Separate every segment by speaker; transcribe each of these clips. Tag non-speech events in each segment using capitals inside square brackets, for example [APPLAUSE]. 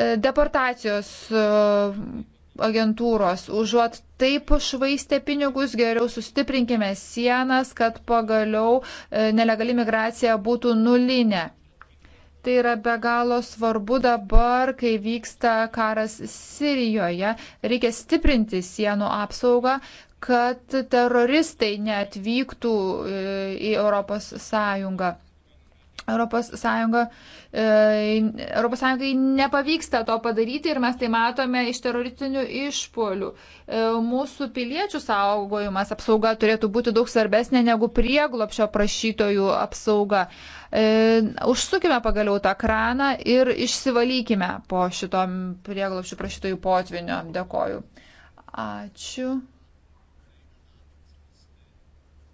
Speaker 1: E, deportacijos e, agentūros. Užuot taip švaistę pinigus, geriau sustiprinkime sienas, kad pagaliau e, nelegali migracija būtų nulinė. Tai yra be galo svarbu dabar, kai vyksta karas Sirijoje. Reikia stiprinti sienų apsaugą, kad teroristai neatvyktų į ES. Europos, Sąjunga, e, Europos Sąjungai nepavyksta to padaryti ir mes tai matome iš teroristinių išpolių. E, mūsų piliečių saugojimas apsauga turėtų būti daug svarbesnė negu prieglopšio prašytojų apsauga. E, užsukime pagaliau tą kraną ir išsivalykime po šitom prieglopšio prašytojų potvinio. Dėkoju. Ačiū.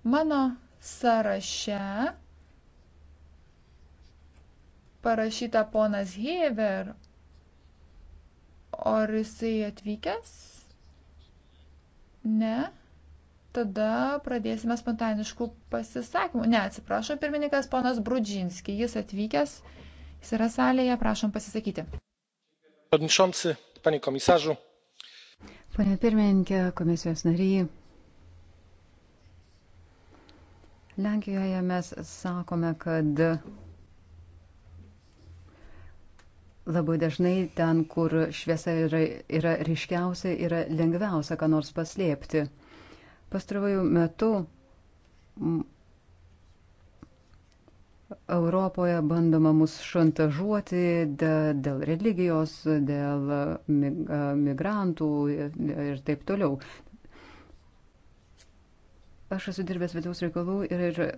Speaker 1: Mano sąraše parašyta ponas Hever. Ar jisai atvykęs? Ne. Tada pradėsime spontaniškų pasisakymų. Ne, atsiprašau, pirmininkas ponas Brudžinski. Jis atvykęs, jis yra salėje, prašom pasisakyti.
Speaker 2: Panie komisarzu.
Speaker 1: Pone pirmininkė, komisijos
Speaker 3: nariai. Lenkijoje mes sakome, kad Labai dažnai ten, kur šviesa yra, yra ryškiausia, yra lengviausia ką nors paslėpti. Pastaruoju metu Europoje bandoma mus šantažuoti dėl religijos, dėl migrantų ir taip toliau. Aš esu dirbęs vidaus reikalų ir, ir e,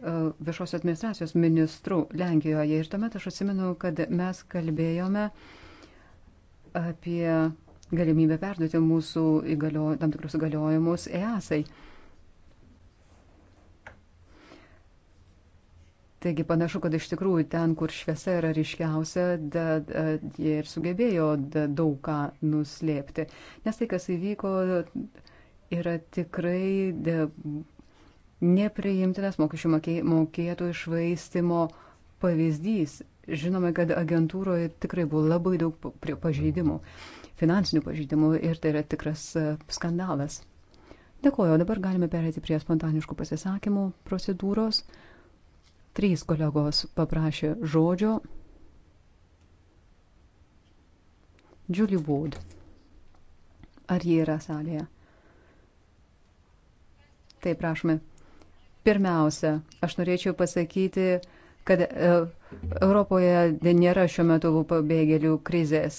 Speaker 3: viešos administracijos ministrų Lenkijoje ir tuomet aš atsimenu, kad mes kalbėjome apie galimybę perduoti mūsų įgalio, tam tikrus įgaliojimus EASai. Taigi panašu, kad iš tikrųjų ten, kur šviesa yra ryškiausia, da, da, jie ir sugebėjo da, daug ką nuslėpti. Nes tai, kas įvyko, yra tikrai da, nepriimtinas mokesčių mokėtojų išvaistimo pavyzdys. Žinome, kad agentūroje tikrai buvo labai daug pažeidimų, finansinių pažeidimų ir tai yra tikras e, skandalas. Dėkuoju, dabar galime perėti prie spontaniškų pasisakymų procedūros. Trys kolegos paprašė žodžio. Julie Wood. Ar ji yra salėje? Taip, prašome. Pirmiausia, aš norėčiau pasakyti, kad e, Europoje nėra šiuo metu pabėgėlių krizės.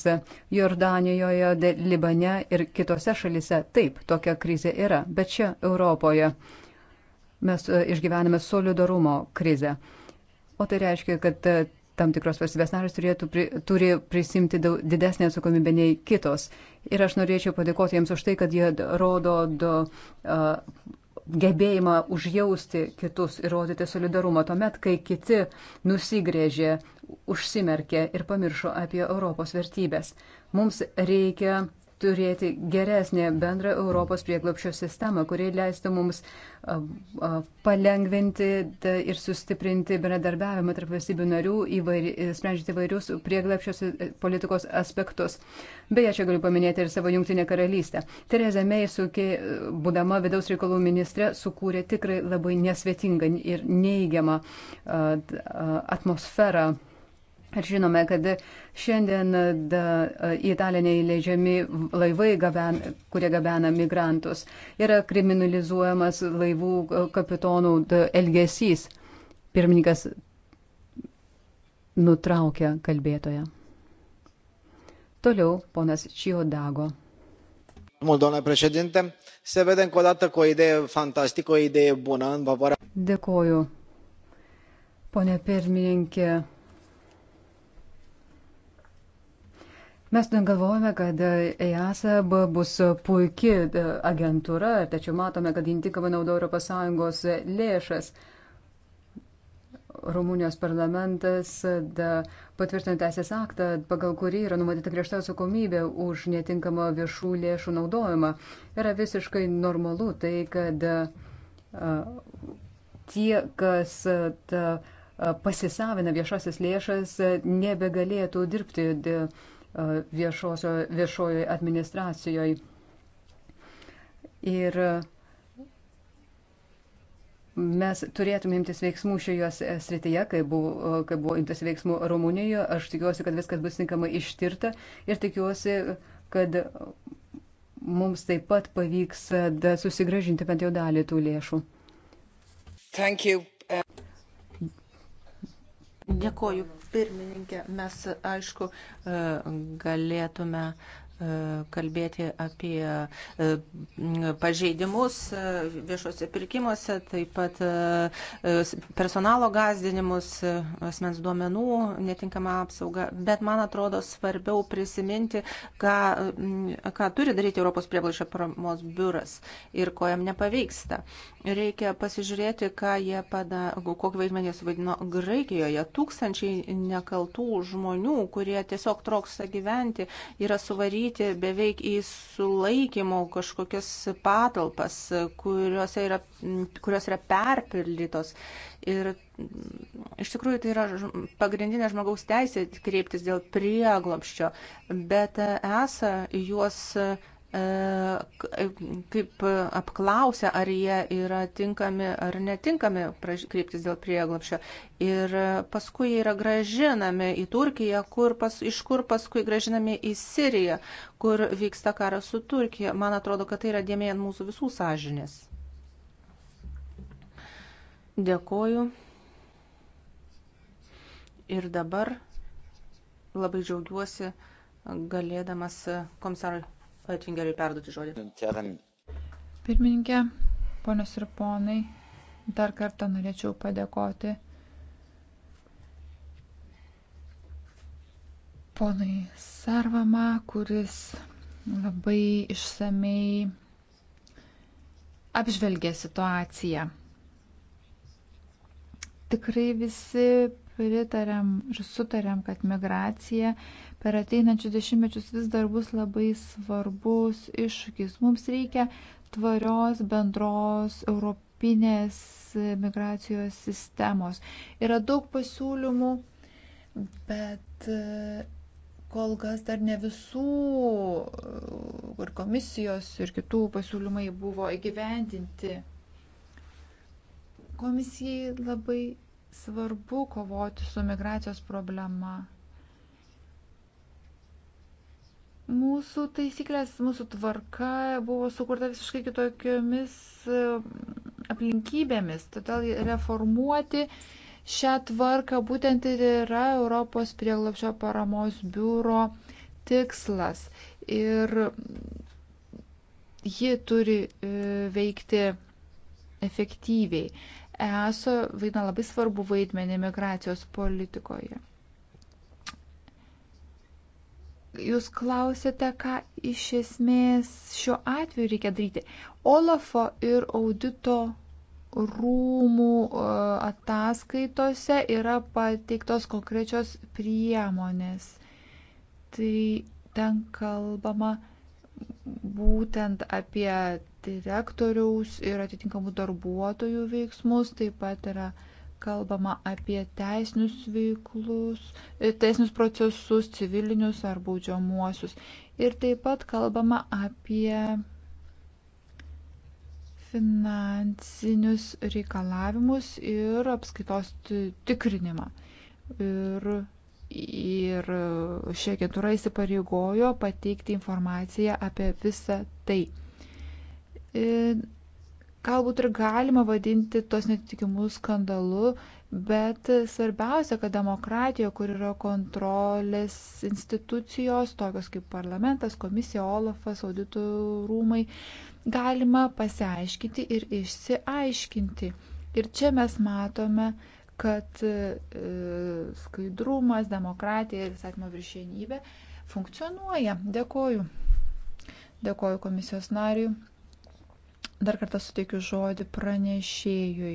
Speaker 3: Jordanijoje, Libane ir kitose šalise taip tokia krizė yra, bet čia Europoje mes e, išgyvename solidarumo krizę. O tai reiškia, kad e, tam tikros valstybės narės turėtų pri, turi prisimti daug, didesnį atsakomybę nei kitos. Ir aš norėčiau padėkoti jiems už tai, kad jie rodo do, uh, gebėjimą užjausti kitus ir rodyti solidarumą tuomet, kai kiti nusigrėžė, užsimerkė ir pamiršo apie Europos vertybės. Mums reikia turėti geresnę bendrą Europos prieglopščio sistemą, kuri leistų mums palengventi ir sustiprinti bendradarbiavimą tarp valstybių narių, įvairi, sprendžiant įvairius prieglopščio e, politikos aspektus. Beje, čia galiu paminėti ir savo jungtinę karalystę. Tereza May, sukė, e, būdama vidaus reikalų ministrė, sukūrė tikrai labai nesvetingą ir neįgiamą atmosferą Ir žinome, kad šiandien da, į Italiją neįleidžiami laivai, gaben, kurie gabena migrantus. Yra kriminalizuojamas laivų e, kapitonų da, elgesys. Pirmininkas nutraukia kalbėtoją. Toliau ponas Čiodago. Domnule președinte,
Speaker 4: se vede încă o dată că o idee fantastică, o idee bună în favoarea.
Speaker 3: Dėkoju. Pone pirmininkė, Mes galvojame, kad EASA bus puikia e, agentūra, tačiau matome, kad intikamai naudoja ES lėšas. Rumunijos parlamentas patvirtino teisės aktą, pagal kurį yra numatyta griežta atsakomybė už netinkamą viešų lėšų naudojimą. Yra visiškai normalu tai, kad e, tie, kas ta, e, pasisavina viešasis lėšas, nebegalėtų dirbti. De, E, viešojoje administracijoje. Ir e, mes turėtume imtis veiksmų šioje srityje, kai buvo, e, kai buvo imtis veiksmų Rumunijoje. Aš tikiuosi, kad viskas bus tinkamai ištirta ir tikiuosi, kad mums taip pat pavyks susigražinti bent jau dalį tų lėšų.
Speaker 5: Dėkoju pirmininkė. Mes, aišku, e, galėtume E, kalbėti apie e, pažeidimus e, viešuose pirkimuose, taip pat personalo gazdinimus, asmens duomenų netinkamą apsaugą. Bet man atrodo svarbiau prisiminti, ką, ką turi daryti Europos prieglaišio paramos biuras ir ko jam nepavyksta. Reikia pasižiūrėti, ką jie padarė, kokį vaidmenį suvaidino Graikijoje. Tūkstančiai nekaltų žmonių, kurie tiesiog troksta gyventi, yra suvaryti uždaryti beveik į sulaikymų kažkokias patalpas, kuriuose yra, kurios yra perpildytos. Ir iš tikrųjų tai yra pagrindinė žmogaus teisė kreiptis dėl prieglopščio, bet esą juos E, e, kaip apklausia, ar jie yra tinkami ar netinkami kreiptis dėl prieglapšio. Ir paskui jie yra gražinami į Turkiją, kur pas, iš kur paskui gražinami į Siriją, kur vyksta karas su Turkija. Man atrodo, kad tai yra dėmė ant mūsų visų sąžinės. Dėkoju. Ir dabar labai džiaugiuosi
Speaker 1: galėdamas komisarui
Speaker 5: Oettingeriui perduoti žodį.
Speaker 1: Pirmininkė, ponios ir ponai, dar kartą norėčiau padėkoti ponai Sarvama, kuris labai išsamei apžvelgė situaciją. Tikrai visi pritarėm ir sutarėm, kad migracija per ateinančius dešimtmečius vis dar bus labai svarbus iššūkis. Mums reikia tvarios bendros europinės migracijos sistemos. Yra daug pasiūlymų, bet e, kol kas dar ne visų e, ir komisijos ir kitų pasiūlymai buvo įgyvendinti. Komisijai labai svarbu kovoti su migracijos problema Mūsų taisyklės, mūsų tvarka buvo sukurta visiškai kitokiomis e, aplinkybėmis, todėl reformuoti šią tvarką būtent ir yra Europos prieglapšio paramos biuro tikslas. Ir ji turi e, veikti efektyviai. ESO vaidina labai svarbu vaidmenį migracijos politikoje. Jūs klausėte, ką iš esmės šiuo atveju reikia daryti. Olafo ir audito rūmų e, ataskaitose yra pateiktos konkrečios priemonės. Tai ten kalbama būtent apie direktoriaus ir atitinkamų darbuotojų veiksmus, taip pat yra uh, kalbama apie teisinius veiklus, e, teisinius procesus, civilinius ar baudžiamuosius. Ir taip pat kalbama apie finansinius reikalavimus ir apskaitos tikrinimą. Ir, ir ši agentūra įsipareigojo pateikti informaciją apie visą tai. E, galbūt ir galima vadinti tos netitikimus skandalu, bet svarbiausia, kad demokratija, kur yra kontrolės institucijos, tokios kaip parlamentas, komisija, Olafas, auditų rūmai, galima pasiaiškinti ir išsiaiškinti. Ir čia mes matome, kad e, skaidrumas, demokratija ir įstatymo viršienybė funkcionuoja. Dėkoju. Dėkoju komisijos nariui. Dar kartą suteikiu žodį pranešėjui,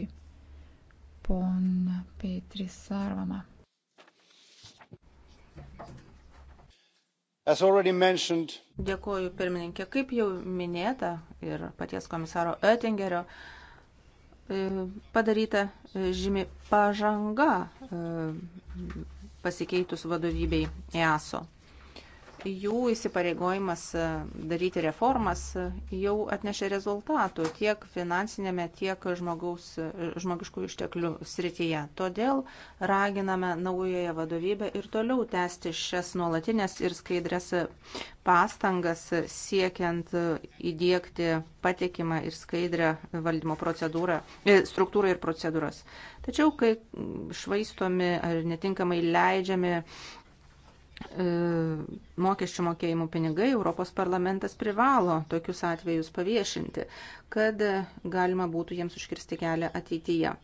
Speaker 1: pon Petris Sarvama.
Speaker 5: Mentioned... Dėkuoju pirmininkė. Kaip jau minėta ir paties komisaro Oettingerio, e, padaryta žymi pažanga e, pasikeitus vadovybei EASO jų įsipareigojimas e, daryti reformas e, jau atnešė rezultatų tiek finansinėme, tiek žmogaus, e, žmogiškų išteklių srityje. Todėl raginame naujoje vadovybę ir toliau tęsti šias nuolatinės ir skaidrės pastangas siekiant įdėkti patikimą ir skaidrę valdymo procedūrą, struktūrą ir procedūras. Tačiau, kai švaistomi ar netinkamai leidžiami E, mokesčių mokėjimų pinigai, Europos parlamentas privalo tokius atvejus paviešinti, kad galima būtų jiems užkirsti kelią ateityje.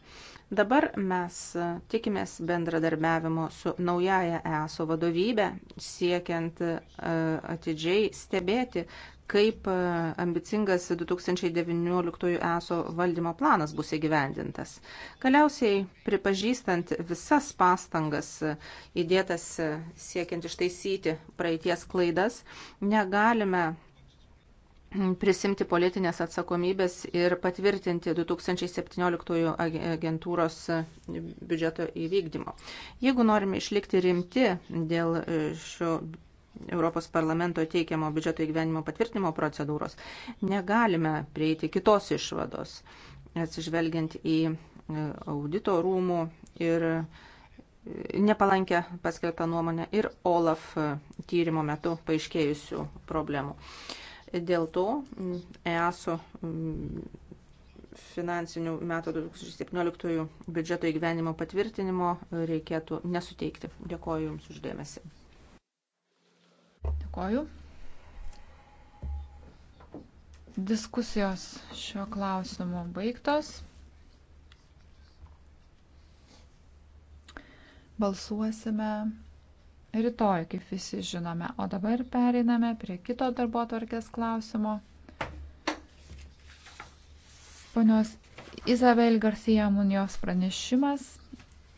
Speaker 5: Dabar mes tikimės bendradarbiavimo su naujaja ESO vadovybė, siekiant e, atidžiai stebėti, kaip e, ambicingas 2019 ESO valdymo planas bus įgyvendintas. Galiausiai, pripažįstant visas pastangas e, įdėtas e, siekiant ištaisyti praeities klaidas, negalime prisimti politinės atsakomybės ir patvirtinti 2017 agentūros biudžeto įvykdymo. Jeigu norime išlikti rimti dėl šio Europos parlamento teikiamo biudžeto įgyvenimo patvirtinimo procedūros, negalime prieiti kitos išvados, atsižvelgiant į e, audito rūmų ir e, nepalankę paskelbtą nuomonę ir OLAF e, tyrimo metu paaiškėjusių problemų. Dėl to EASO finansinių metų 2017 biudžeto įgyvenimo patvirtinimo reikėtų nesuteikti. Dėkoju Jums uždėmesi. Dėkoju.
Speaker 1: Diskusijos šiuo klausimu baigtos. Balsuosime rytoj, kaip visi žinome. O dabar pereiname prie kito darbo tvarkės klausimo. Ponios Izabel Garcia Munijos pranešimas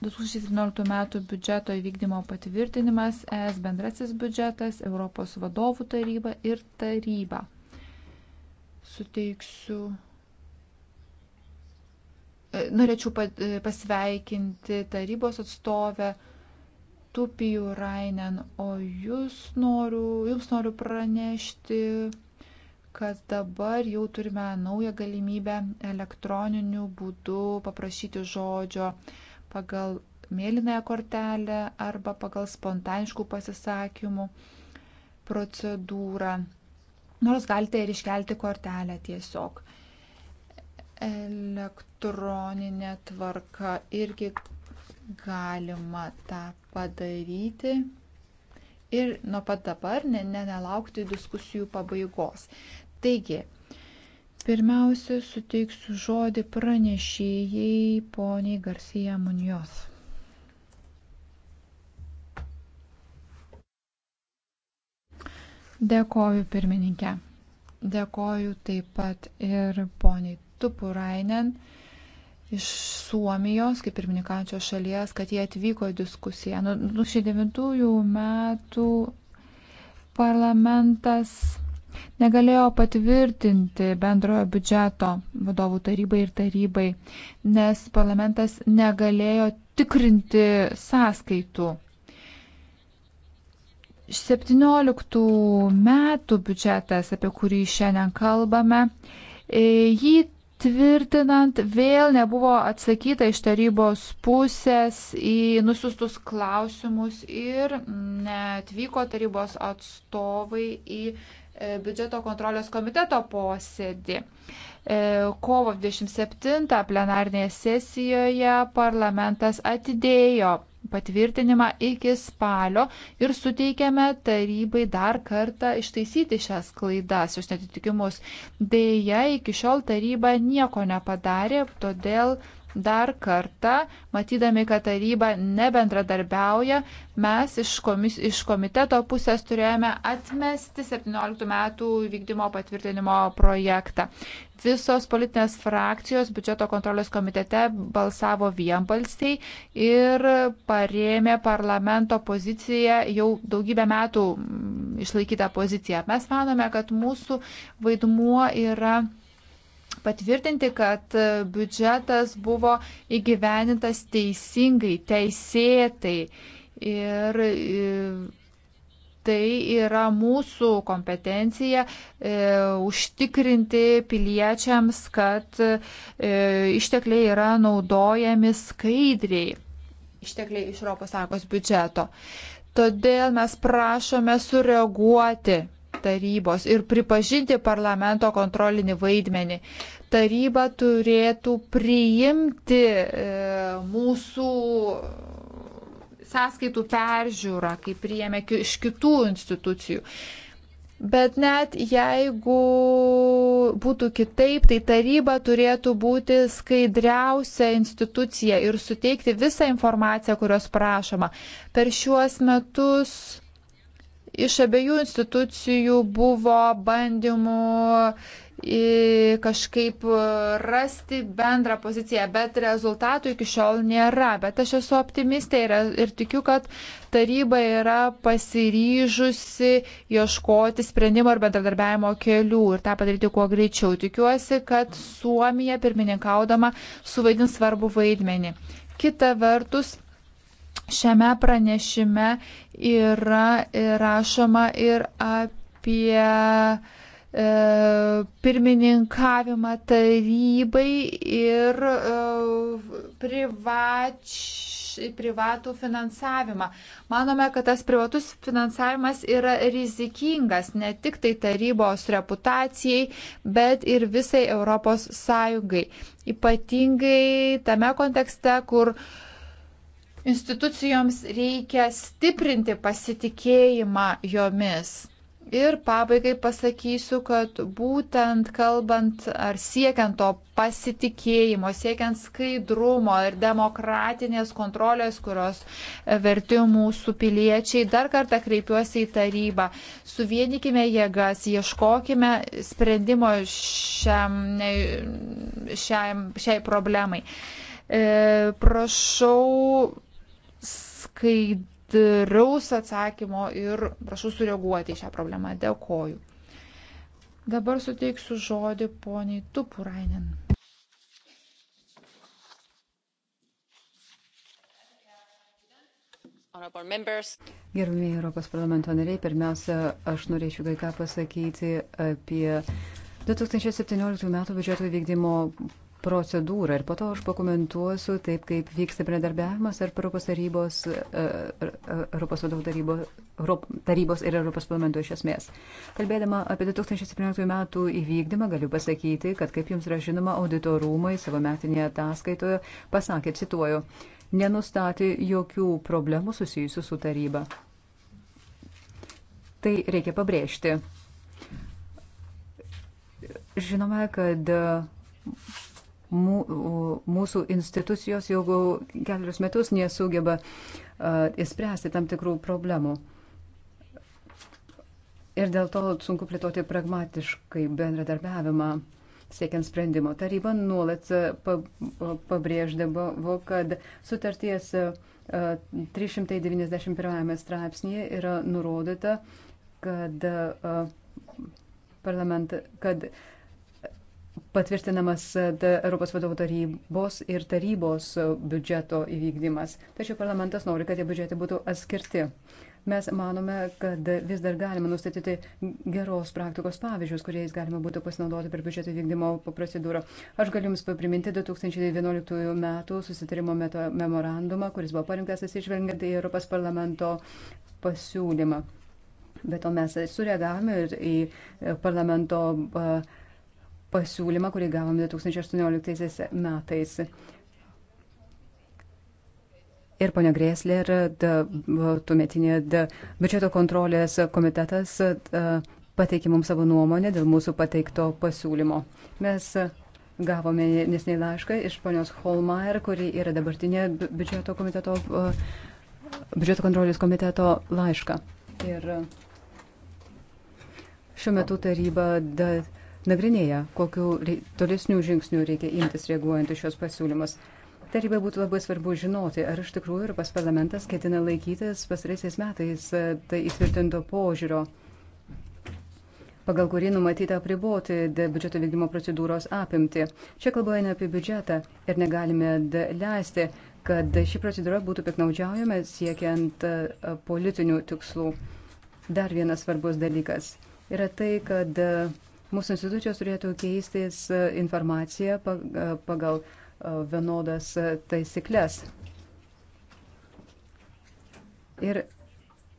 Speaker 1: 2017 m. biudžeto įvykdymo patvirtinimas, ES bendrasis biudžetas, Europos vadovų taryba ir taryba. Suteiksiu. E, norėčiau e, pasveikinti tarybos atstovę Tupijų Rainen, o jūs noriu, jums noriu pranešti, kad dabar jau turime naują galimybę elektroniniu būdu paprašyti žodžio uh, pagal mėlynąją kortelę arba pagal spontaniškų pasisakymų procedūrą. Nors galite ir iškelti kortelę tiesiog. Elektroninė tvarka irgi galima tą padaryti. Ir nuo pat dabar ne, ne, nelaukti diskusijų pabaigos. Taigi, Pirmiausia, suteiksiu žodį pranešėjai poniai Garcija Munjos. Dėkoju pirmininkė. Dėkoju taip pat ir poniai Tupurainen iš Suomijos, kaip ir minikačios šalies, kad jie atvyko į diskusiją. Nuo 2009 nu, metų parlamentas negalėjo patvirtinti bendrojo biudžeto vadovų tarybai ir tarybai, nes parlamentas negalėjo tikrinti sąskaitų. 17 metų biudžetas, apie kurį šiandien kalbame, e, jį tvirtinant vėl nebuvo atsakyta iš tarybos pusės į nusiustus klausimus ir netvyko tarybos atstovai į E, biudžeto kontrolės komiteto posėdį. E, kovo 27 plenarnėje sesijoje parlamentas atidėjo patvirtinimą iki spalio ir suteikėme tarybai dar kartą ištaisyti šias klaidas, šios netitikimus. Deja, iki šiol taryba nieko nepadarė, todėl dar kartą, matydami, kad taryba nebendradarbiauja, mes iš, komis, iš komiteto pusės turėjome atmesti 17 metų vykdymo patvirtinimo projektą. Visos politinės frakcijos biudžeto kontrolės komitete balsavo vienbalsiai ir parėmė parlamento poziciją, jau daugybę metų mm, išlaikytą poziciją. Mes manome, kad mūsų vaidmuo yra patvirtinti, kad e, biudžetas buvo įgyvenintas teisingai, teisėtai. Ir e, tai yra mūsų kompetencija e, užtikrinti piliečiams, kad e, ištekliai yra naudojami skaidriai, ištekliai iš ES biudžeto. Todėl mes prašome sureaguoti tarybos ir pripažinti parlamento kontrolinį vaidmenį. Taryba turėtų priimti e, mūsų sąskaitų peržiūrą, kaip priėmė iš kitų institucijų. Bet net jeigu būtų kitaip, tai taryba turėtų būti skaidriausia institucija ir suteikti visą informaciją, kurios prašoma. Per šiuos metus Iš abiejų institucijų buvo bandymų e, kažkaip rasti bendrą poziciją, bet rezultatų iki šiol nėra. Bet aš esu optimistė ir, ir tikiu, kad taryba yra pasiryžusi ieškoti sprendimo ir bendradarbiavimo kelių ir tą padaryti kuo greičiau. Tikiuosi, kad Suomija pirmininkaudama suvaidins svarbu vaidmenį. Kita vertus, Šiame pranešime yra e, rašoma ir apie e, pirmininkavimą tarybai ir e, privač, privatų finansavimą. Manome, kad tas privatus finansavimas yra rizikingas ne tik tai tarybos reputacijai, bet ir visai Europos Sąjungai. Ypatingai tame kontekste, kur uh, Institucijoms reikia stiprinti pasitikėjimą jomis. Ir pabaigai pasakysiu, kad būtent kalbant ar siekiant to pasitikėjimo, siekiant skaidrumo ir demokratinės kontrolės, kurios verti mūsų piliečiai, dar kartą kreipiuosi į tarybą. Suvienikime jėgas, ieškokime sprendimo šiam, šiam, šiai problemai. E, prašau skaidraus atsakymo ir prašau sureaguoti į šią problemą. Dėkoju. Dabar suteiksiu žodį poniai Tupurainen.
Speaker 3: Gerbėjai Europos parlamento nariai, pirmiausia, aš norėčiau kai ką pasakyti apie 2017 m. biudžeto vykdymo procedūrą ir po to aš pakomentuosiu taip, kaip vyksta bendradarbiavimas ar Europos tarybos, e, e, Europos vadovų tarybos, tarybos ir Europos parlamento iš esmės. Kalbėdama apie 2017 metų įvykdymą, galiu pasakyti, kad kaip jums yra žinoma, auditorumai savo metinėje ataskaitoje pasakė, cituoju, nenustatė jokių problemų susijusių su taryba. Tai reikia pabrėžti. Žinome, kad mūsų institucijos jau kelius metus nesugeba įspręsti tam tikrų problemų. Ir dėl to sunku plėtoti pragmatiškai bendradarbiavimą siekiant sprendimo. Taryba nuolat pabrėždavo, kad sutarties 391 straipsnėje yra nurodyta, kad, parlament, kad patvirtinamas e, Europos vadovų tarybos ir tarybos e, biudžeto įvykdymas. Tačiau parlamentas nori, kad tie biudžetai būtų atskirti. Mes manome, kad vis dar galima nustatyti geros praktikos pavyzdžius, kuriais galima būtų pasinaudoti per biudžeto įvykdymo procedūrą. Aš galiu Jums papriminti 2011 m. susitarimo meto memorandumą, kuris buvo parinktas atsižvelgiant į Europos parlamento pasiūlymą. Bet o mes sureagavome ir į parlamento uh, pasiūlymą, kurį gavome 2018 metais. Ir ponia Grėslė ir tuometinė biudžeto kontrolės komitetas pateikė mums savo nuomonę dėl mūsų pateikto pasiūlymo. Mes gavome nesnei laišką iš ponios Holmeier, kuri yra dabartinė biudžeto, komiteto, biudžeto kontrolės komiteto laišką. Ir šiuo metu taryba. Da, de nagrinėja, kokiu tolesnių žingsnių reikia imtis reaguojant į šios pasiūlymus. Tarybai būtų labai svarbu žinoti, ar iš tikrųjų Europos parlamentas ketina laikytis pastaraisiais metais e, tai įtvirtinto požiūrio, pagal kurį numatyta apriboti biudžeto vykdymo procedūros apimti. Čia kalbame apie biudžetą ir negalime leisti, kad ši procedūra būtų piknaudžiaujama siekiant e, politinių tikslų. Dar vienas svarbus dalykas yra tai, kad e, Mūsų institucijos turėtų keistis e, informaciją e, pagal e, vienodas taisyklės. Ir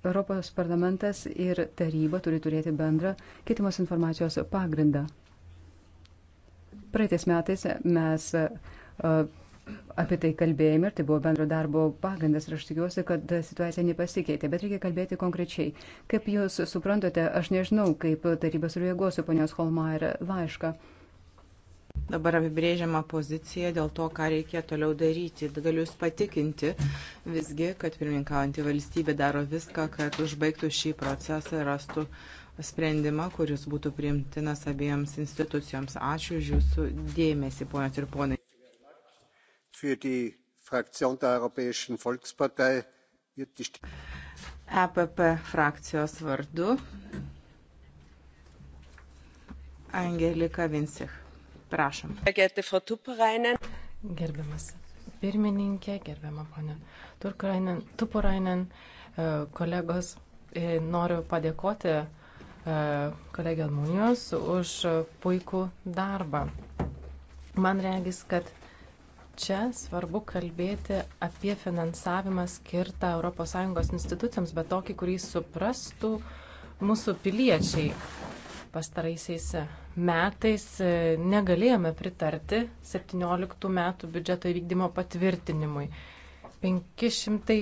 Speaker 3: Europos parlamentas ir taryba turi turėti bendrą kitimos informacijos pagrindą. Praeitais metais mes apie tai kalbėjome ir tai buvo bendro darbo pagrindas ir aš tikiuosi, kad situacija nepasikeitė, bet reikia kalbėti konkrečiai. Kaip jūs suprantate, aš nežinau, kaip taryba sureaguosiu ponios Holmair laišką. Dabar
Speaker 6: apibrėžiama pozicija dėl to, ką reikia toliau daryti. Galiu Jūs patikinti visgi, kad pirmininkaujantį valstybę daro viską, kad užbaigtų šį procesą ir rastų sprendimą, kuris būtų priimtinas abiems institucijoms. Ačiū už Jūsų dėmesį, ponios ir ponai
Speaker 3: für die Fraktion der Europäischen Volkspartei wird die
Speaker 6: EPP frakcijos vardu
Speaker 4: Angelika Vinsich. Prašom. Gerbiamas pirmininkė, gerbiama ponė Tupurainen, e, kolegos, e, noriu padėkoti e, kolegė Almunijos už puikų darbą. Man regis, kad Čia svarbu kalbėti apie finansavimą skirtą ES institucijoms, bet tokį, kurį suprastų mūsų piliečiai. Pastaraisiais metais e, negalėjome pritarti 17 metų biudžeto įvykdymo patvirtinimui. 500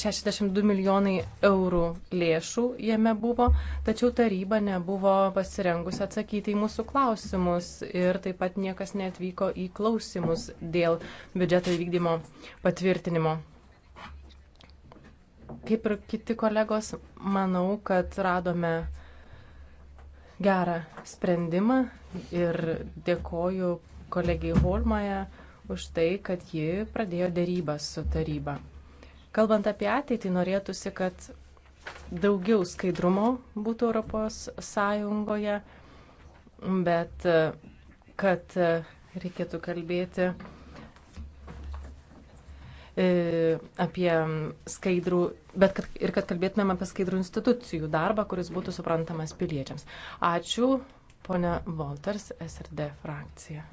Speaker 4: 62 milijonai eurų lėšų jame buvo, tačiau taryba nebuvo pasirengusi atsakyti į mūsų klausimus ir taip pat niekas netvyko į klausimus dėl biudžeto įvykdymo patvirtinimo. Kaip ir kiti kolegos, manau, kad radome gerą sprendimą ir dėkoju kolegijai Holmaje už tai, kad ji pradėjo dėrybas su taryba. Kalbant apie ateitį, norėtųsi, kad daugiau skaidrumo būtų Europos Sąjungoje, bet kad reikėtų kalbėti e, apie skaidrų, bet kad, ir kad kalbėtumėm apie skaidrų institucijų darbą, kuris būtų suprantamas piliečiams. Ačiū, ponia Volters, SRD frakcija.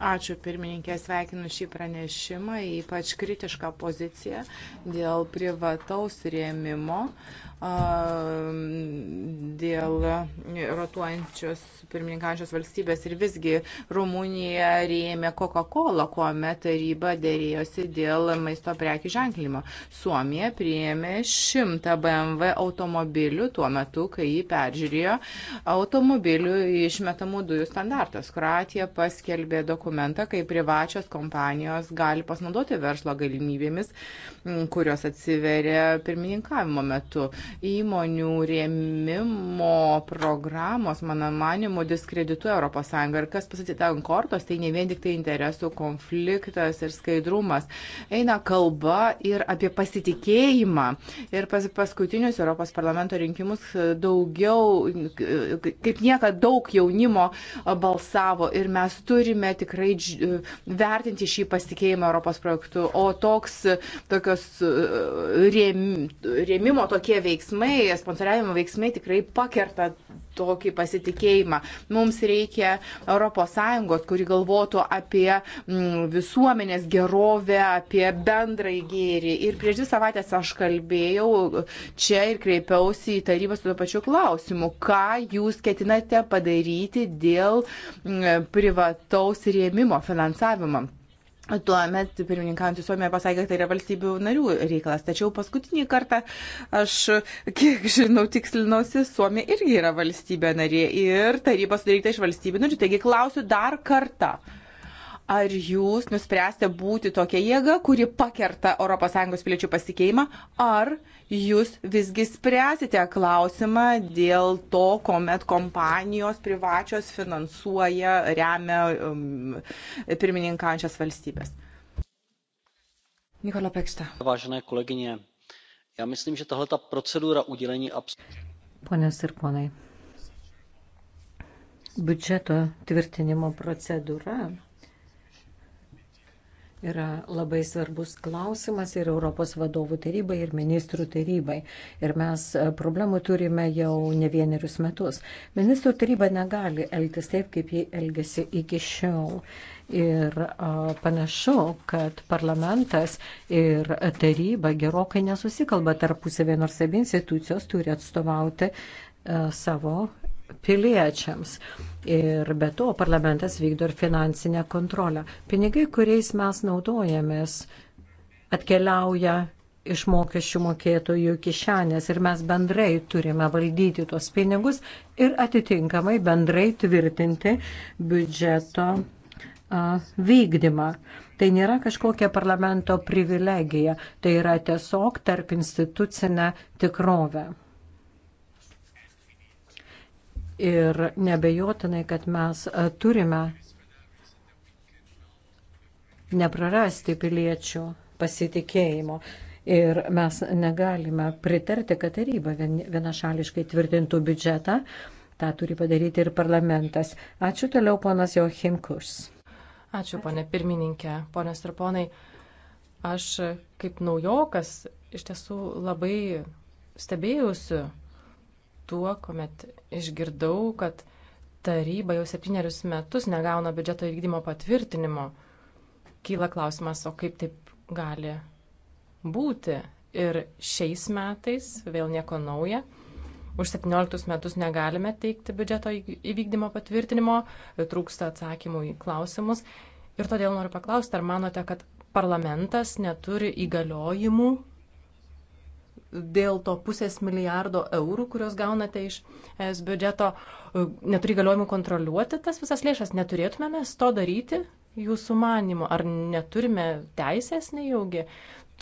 Speaker 4: Ačiū
Speaker 6: pirmininkė, sveikinu šį pranešimą, ypač kritišką poziciją dėl privataus rėmimo, dėl rotuojančios pirmininkančios valstybės ir visgi Rumunija rėmė Coca-Cola, kuomet taryba dėrėjosi dėl maisto prekių ženklimo. Suomija priėmė šimtą BMW automobilių tuo metu, kai jį peržiūrėjo automobilių išmetamų dujų standartas. Kroatija paskelbė dokumentą dokumentą, kai privačios kompanijos gali pasinaudoti verslo galimybėmis, kurios atsiveria pirmininkavimo metu. Įmonių rėmimo programos, mano manimu, diskredituoja ES ir kas pasitita ant kortos, tai ne vien tik tai interesų konfliktas ir skaidrumas. Eina kalba ir apie pasitikėjimą. Ir pas, paskutinius Europos parlamento rinkimus daugiau, kaip niekada daug jaunimo balsavo ir mes turime tikrai tikrai e, vertinti šį pasitikėjimą Europos projektu, o toks e, tokios e, rėm, rėmimo tokie veiksmai, sponsoriavimo veiksmai tikrai pakerta tokį pasitikėjimą. Mums reikia ES, kuri galvotų apie mm, visuomenės gerovę, apie bendrąjį gėrį. Ir prieš dvi savaitės aš kalbėjau čia ir kreipiausi į tarybą su to pačiu klausimu, ką jūs ketinate padaryti dėl mm, privataus rėmimo prieimimo finansavimą. Tuomet pirmininkantis Suomija pasakė, kad tai yra valstybių narių reikalas. Tačiau paskutinį kartą aš, kiek žinau, tikslinausi, Suomija irgi yra valstybė narė ir taryba sudaryta iš valstybių narių. Taigi klausiu dar kartą. Ar jūs nuspręsite būti tokia jėga, kuri pakerta ES piliečių pasikeimą, ar jūs visgi spręsite klausimą dėl to, kuomet kompanijos privačios finansuoja, remia um, pirmininkančias valstybės? Nikola
Speaker 4: Peksta. Vážené kolegyně, já myslím, že tahle ta procedura udělení absolutų.
Speaker 2: Ponios ir ponai, biudžeto tvirtinimo procedūra yra labai svarbus klausimas ir Europos vadovų tarybai, ir ministrų tarybai. Ir mes e, problemų turime jau ne vienerius metus. Ministrų taryba negali elgtis taip, kaip jį elgėsi iki šiol. Ir a, e, panašu, kad parlamentas ir taryba gerokai nesusikalba tarpusavė, nors abi institucijos turi atstovauti a, e, savo piliečiams. Ir be to parlamentas vykdo ir finansinę kontrolę. Pinigai, kuriais mes naudojamės, atkeliauja iš mokesčių mokėtojų kišenės ir mes bendrai turime valdyti tuos pinigus ir atitinkamai bendrai tvirtinti biudžeto vykdymą. Tai nėra kažkokia parlamento privilegija, tai yra tiesiog tarp institucinė tikrovė. Ir nebejotinai, kad mes e, turime neprarasti piliečių pasitikėjimo. Ir mes negalime pritarti, kad taryba vienašališkai tvirtintų biudžetą. Ta turi padaryti ir parlamentas. Ačiū toliau, ponas Johimkus.
Speaker 4: Ačiū, ponė pirmininkė, ponės ir ponai. Aš kaip naujokas iš tiesų labai stebėjusiu tuo, kuomet išgirdau, kad taryba jau septynerius metus negauna biudžeto įvykdymo patvirtinimo. Kyla klausimas, o kaip taip gali būti? Ir šiais metais vėl nieko nauja. Už 17 metus negalime teikti biudžeto įvykdymo patvirtinimo, trūksta atsakymų į klausimus. Ir todėl noriu paklausti, ar manote, kad parlamentas neturi įgaliojimų dėl to pusės milijardo eurų, kuriuos gaunate iš es biudžeto, e, neturi galiojimų kontroliuoti tas visas lėšas. Neturėtume mes to daryti jūsų manimu? Ar neturime teisės nejaugi?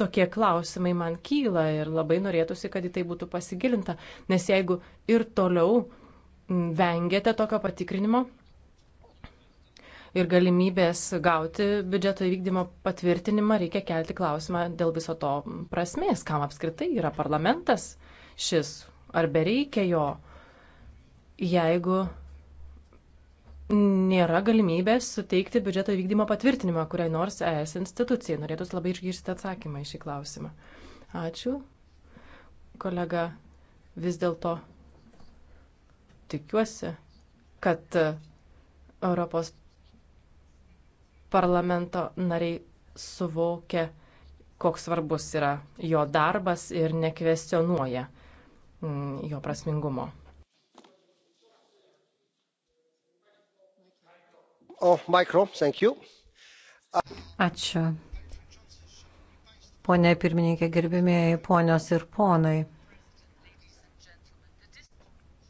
Speaker 4: Tokie klausimai man kyla ir labai norėtųsi, kad į tai būtų pasigilinta, nes jeigu ir toliau vengiate tokio patikrinimo, ir galimybės gauti biudžeto įvykdymo patvirtinimą, reikia kelti klausimą dėl viso to prasmės, kam apskritai yra parlamentas šis, ar bereikia jo, jeigu nėra galimybės suteikti biudžeto įvykdymo patvirtinimą kuriai nors ES institucijai. Norėtųsi labai išgirsti atsakymą į šį klausimą. Ačiū. Kolega, vis dėlto tikiuosi, kad Europos parlamento nariai suvokia, koks svarbus yra jo darbas ir nekvestionuoja mm, jo prasmingumo.
Speaker 1: Oh, micro,
Speaker 2: Ačiū. Pone pirmininkė, gerbėmėjai ponios ir ponai.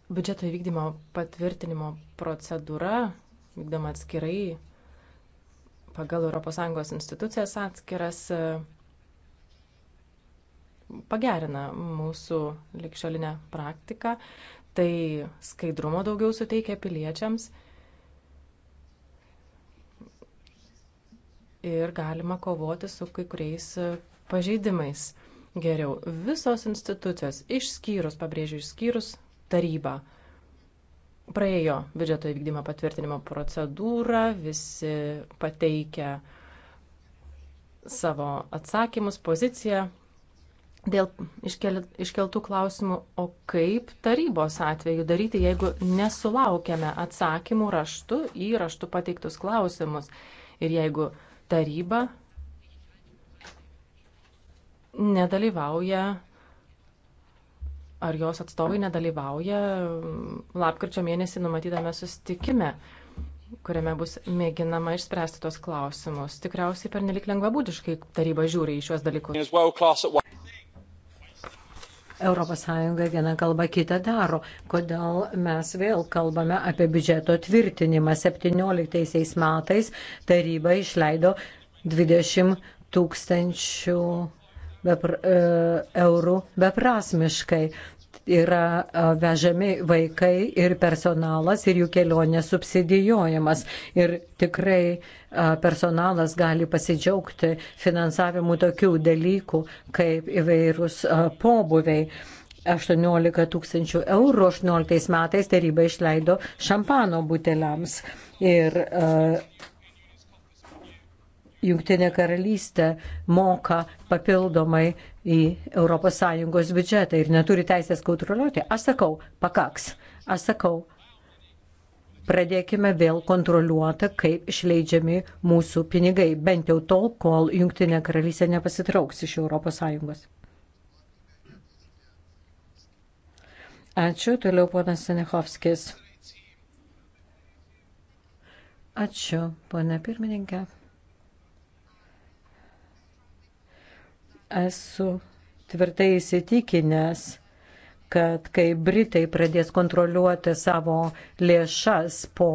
Speaker 4: Biudžeto įvykdymo patvirtinimo procedūra, vykdama atskirai, pagal ES institucijas atskiras e, pagerina mūsų likščiolinę praktiką, tai skaidrumo daugiau suteikia piliečiams ir galima kovoti su kai kuriais e, pažeidimais geriau. Visos institucijos, išskyrus, pabrėžiu, išskyrus tarybą, praėjo biudžeto įvykdymo patvirtinimo procedūrą, visi pateikia savo atsakymus, poziciją dėl iškeltų klausimų, o kaip tarybos atveju daryti, jeigu nesulaukėme atsakymų raštu į raštu pateiktus klausimus ir jeigu taryba nedalyvauja ar jos atstovai nedalyvauja mm, lapkričio mėnesį numatytame susitikime, kuriame bus mėginama išspręsti tos klausimus. Tikriausiai per nelik lengvabūdiškai taryba žiūri į šios dalykus. Europos Sąjunga vieną kalbą kitą daro.
Speaker 2: Kodėl mes vėl kalbame apie biudžeto tvirtinimą? 17 metais taryba išleido 20 tūkstančių bepr, e, eurų beprasmiškai yra e, vežami vaikai ir personalas ir jų kelionė subsidijuojamas. Ir tikrai e, personalas gali pasidžiaugti finansavimu tokių dalykų kaip įvairūs pobuviai. 18 tūkstančių eurų 18 metais taryba išleido šampano buteliams. Ir uh, Jungtinė karalystė moka papildomai į ES biudžetą ir neturi teisės kontroliuoti. Aš sakau, pakaks. Aš sakau, pradėkime vėl kontroliuotą, kaip išleidžiami mūsų pinigai, bent jau tol, kol Jungtinė karalystė nepasitrauks iš ES. Ačiū, toliau ponas Senechovskis. Ačiū, ponė pirmininkė. Esu tvirtai įsitikinęs, kad kai Britai pradės kontroliuoti savo lėšas po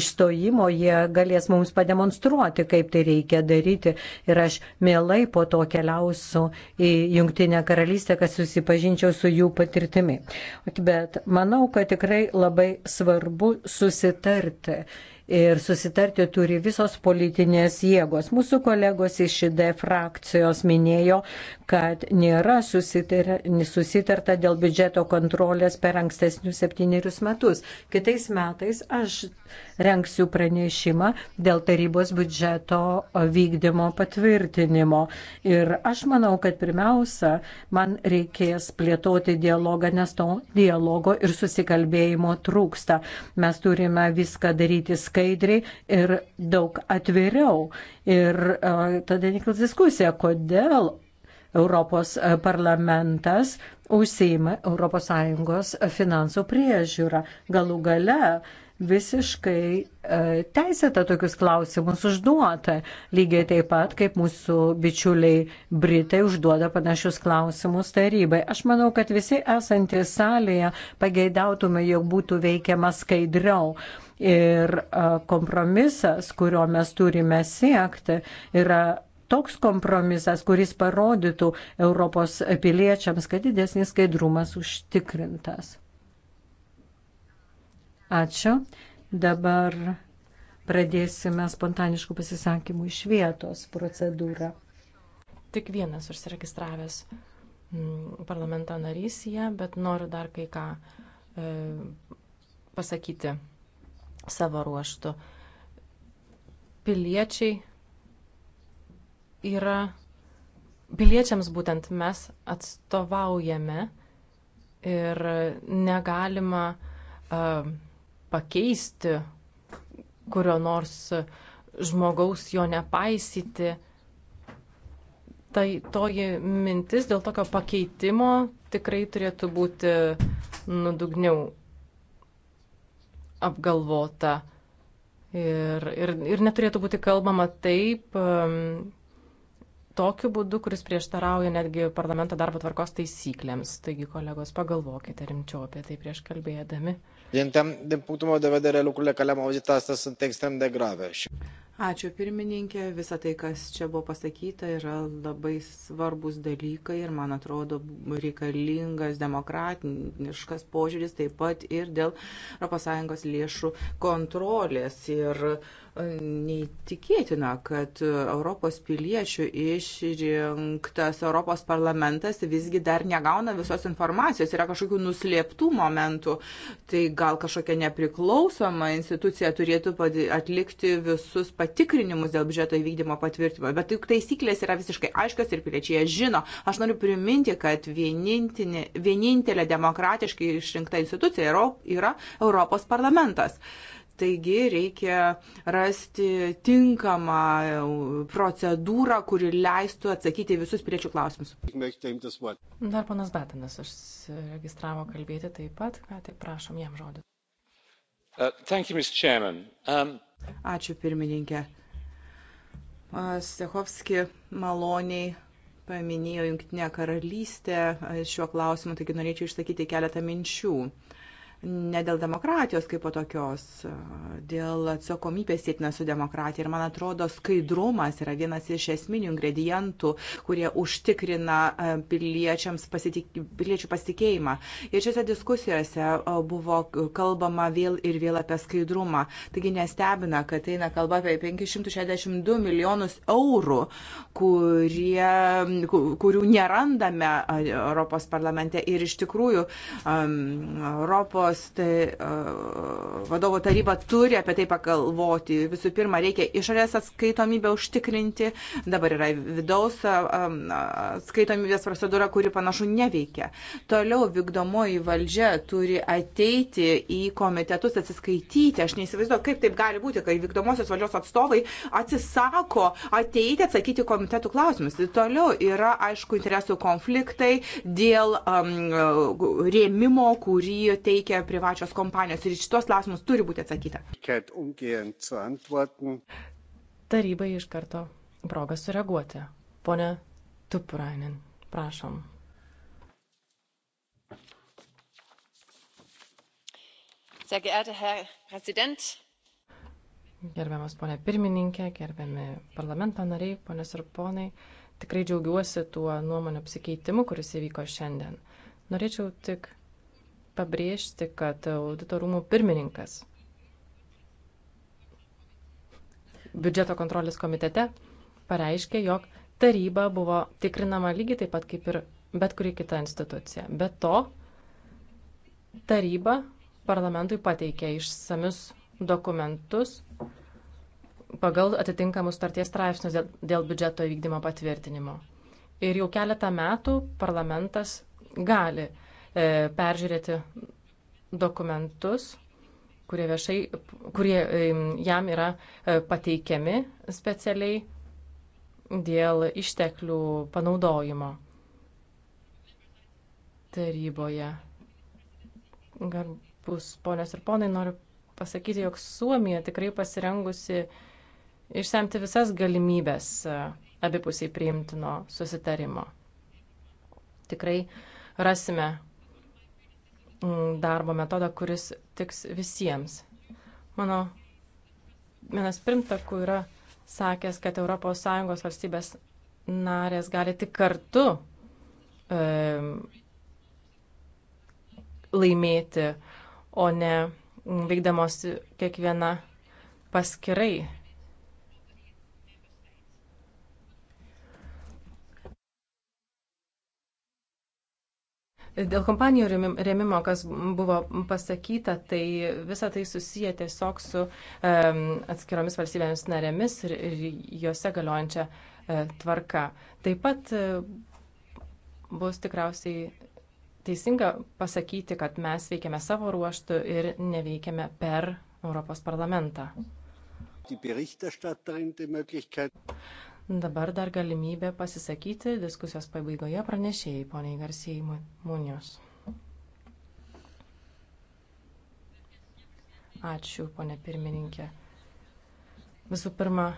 Speaker 2: išstojimo, jie galės mums pademonstruoti, kaip tai reikia daryti. Ir aš mielai po to keliausiu į Junktinę karalystę, kad susipažinčiau su jų patirtimi. Bet manau, kad tikrai labai svarbu susitarti ir susitarti turi visos politinės jėgos. Mūsų kolegos iš ID frakcijos minėjo, kad nėra susitarta dėl biudžeto kontrolės per ankstesnius septynerius metus. Kitais metais aš renksiu pranešimą dėl tarybos biudžeto vykdymo patvirtinimo. Ir aš manau, kad pirmiausia, man reikės plėtoti dialogą, nes to dialogo ir susikalbėjimo trūksta. Mes turime viską daryti skaidriai ir daug atviriau. Ir uh, tada nekils diskusija, kodėl Europos parlamentas užsieima ES finansų priežiūrą. Galų gale visiškai e, teisėta tokius klausimus užduota, lygiai taip pat, kaip mūsų bičiuliai Britai užduoda panašius klausimus tarybai. Aš manau, kad visi esantys salėje pageidautume, jog būtų veikiama skaidriau. Ir e, kompromisas, kurio mes turime siekti, yra toks kompromisas, kuris parodytų Europos piliečiams, kad didesnis skaidrumas užtikrintas. Ačiū. Dabar pradėsime spontaniškų pasisakymų iš vietos procedūrą.
Speaker 4: Tik vienas užsiregistravęs mm, parlamento narys jie, bet noriu dar kai ką e, pasakyti savo ruoštų. Piliečiai yra, piliečiams būtent mes atstovaujame ir negalima e, pakeisti kurio nors žmogaus, jo nepaisyti. Tai toji mintis dėl tokio pakeitimo tikrai turėtų būti nudugniau apgalvota. Ir, ir, ir neturėtų būti kalbama taip, um, tokiu būdu, kuris prieštarauja netgi parlamento darbo tvarkos taisyklėms. Taigi, kolegos, pagalvokite rimčiau apie tai prieš kalbėdami doamnă președintă din punctul meu de vedere lucrurile pe care le am auzit astăzi sunt extrem de grave.
Speaker 6: ačiū pirmininke visa tai kas čia buvo pasakyta yra labai svarbūs dalykai ir man atrodo reikalingas demokratiškas požiūris taip pat ir dėl europos sąjungos lėšų kontrolės ir uh, E, neįtikėtina, kad Europos piliečių išrinktas Europos parlamentas visgi dar negauna visos informacijos, yra kažkokių nuslėptų momentų, tai gal kažkokia nepriklausoma institucija turėtų atlikti visus patikrinimus dėl biudžeto įvykdymo patvirtimo, bet juk taisyklės yra visiškai aiškios ir piliečiai žino. Aš noriu priminti, kad vienintelė, vienintelė demokratiškai išrinkta institucija yra Europos parlamentas. Taigi reikia rasti tinkamą procedūrą, kuri leistų atsakyti visus priečių klausimus.
Speaker 4: Dar panas Betinas užsiregistravo kalbėti taip pat, ką tik prašom jam žodį. Uh, you, um... Ačiū pirmininkė.
Speaker 6: Uh, Stechovski maloniai paminėjo Junktinę karalystę uh, šiuo klausimu, taigi norėčiau išsakyti keletą minčių ne dėl demokratijos kaip po tokios, dėl atsakomybės sėtina su demokratija. Ir man atrodo, skaidrumas yra vienas iš esminių ingredientų, kurie užtikrina pasitik, piliečių pasitikėjimą. Ir šiose diskusijose buvo kalbama vėl ir vėl apie skaidrumą. Taigi nestebina, kad eina kalba apie 562 milijonus eurų, kurie, kurių nerandame Europos parlamente. Ir iš tikrųjų, um, Europos Europos tai, uh, vadovo taryba turi apie tai pakalvoti. Visų pirma, reikia išorės atskaitomybę užtikrinti. Dabar yra vidaus atskaitomybės procedūra, kuri panašu neveikia. Toliau vykdomoji valdžia turi ateiti į komitetus atsiskaityti. Aš neįsivaizduoju, kaip taip gali būti, kai vykdomosios valdžios atstovai atsisako ateiti atsakyti komitetų klausimus. Toliau yra, aišku, interesų konfliktai dėl um, rėmimo, kurį teikia veikia
Speaker 4: privačios kompanijos ir šitos klausimus turi būti atsakyta. Tarybai iš karto progą sureaguoti. Pone Tupurainen, prašom. Sehr geehrter Herr Präsident, Gerbiamas ponė pirmininkė, gerbiami parlamento nariai, ponės ir ponai, tikrai džiaugiuosi tuo nuomonio apsikeitimu, kuris įvyko šiandien. Norėčiau tik pabrėžti, kad auditorumų pirmininkas biudžeto kontrolės komitete pareiškė, jog taryba buvo tikrinama lygiai taip pat kaip ir bet kuri kita institucija. Be to, taryba parlamentui pateikė išsamius dokumentus pagal atitinkamus starties straipsnius dėl, dėl biudžeto įvykdymo patvirtinimo. Ir jau keletą metų parlamentas gali uh, E, peržiūrėti dokumentus, kurie, viešai, kurie e, jam yra e, pateikiami specialiai dėl išteklių panaudojimo taryboje. Garbus ponios ir ponai, noriu pasakyti, jog Suomija tikrai pasirengusi išsemti visas galimybės abipusiai priimtino susitarimo. Tikrai rasime Mm, darbo metodą, kuris tiks visiems. Mano vienas primtakų yra sakęs, kad ES valstybės narės gali tik kartu e, laimėti, o ne veikdamos kiekviena paskirai. Dėl kompanijų remimo, kas buvo pasakyta, tai visa tai susiję tiesiog su um, atskiromis valstybėmis narėmis ir, ir juose galiojančia uh, tvarka. Taip pat uh, bus tikriausiai teisinga pasakyti, kad mes veikiame savo ruoštų ir neveikiame per Europos parlamentą. Dabar dar galimybė pasisakyti diskusijos pabaigoje pranešėjai, poniai Garsijai Munios. Ačiū, ponė pirmininkė. Visų pirma,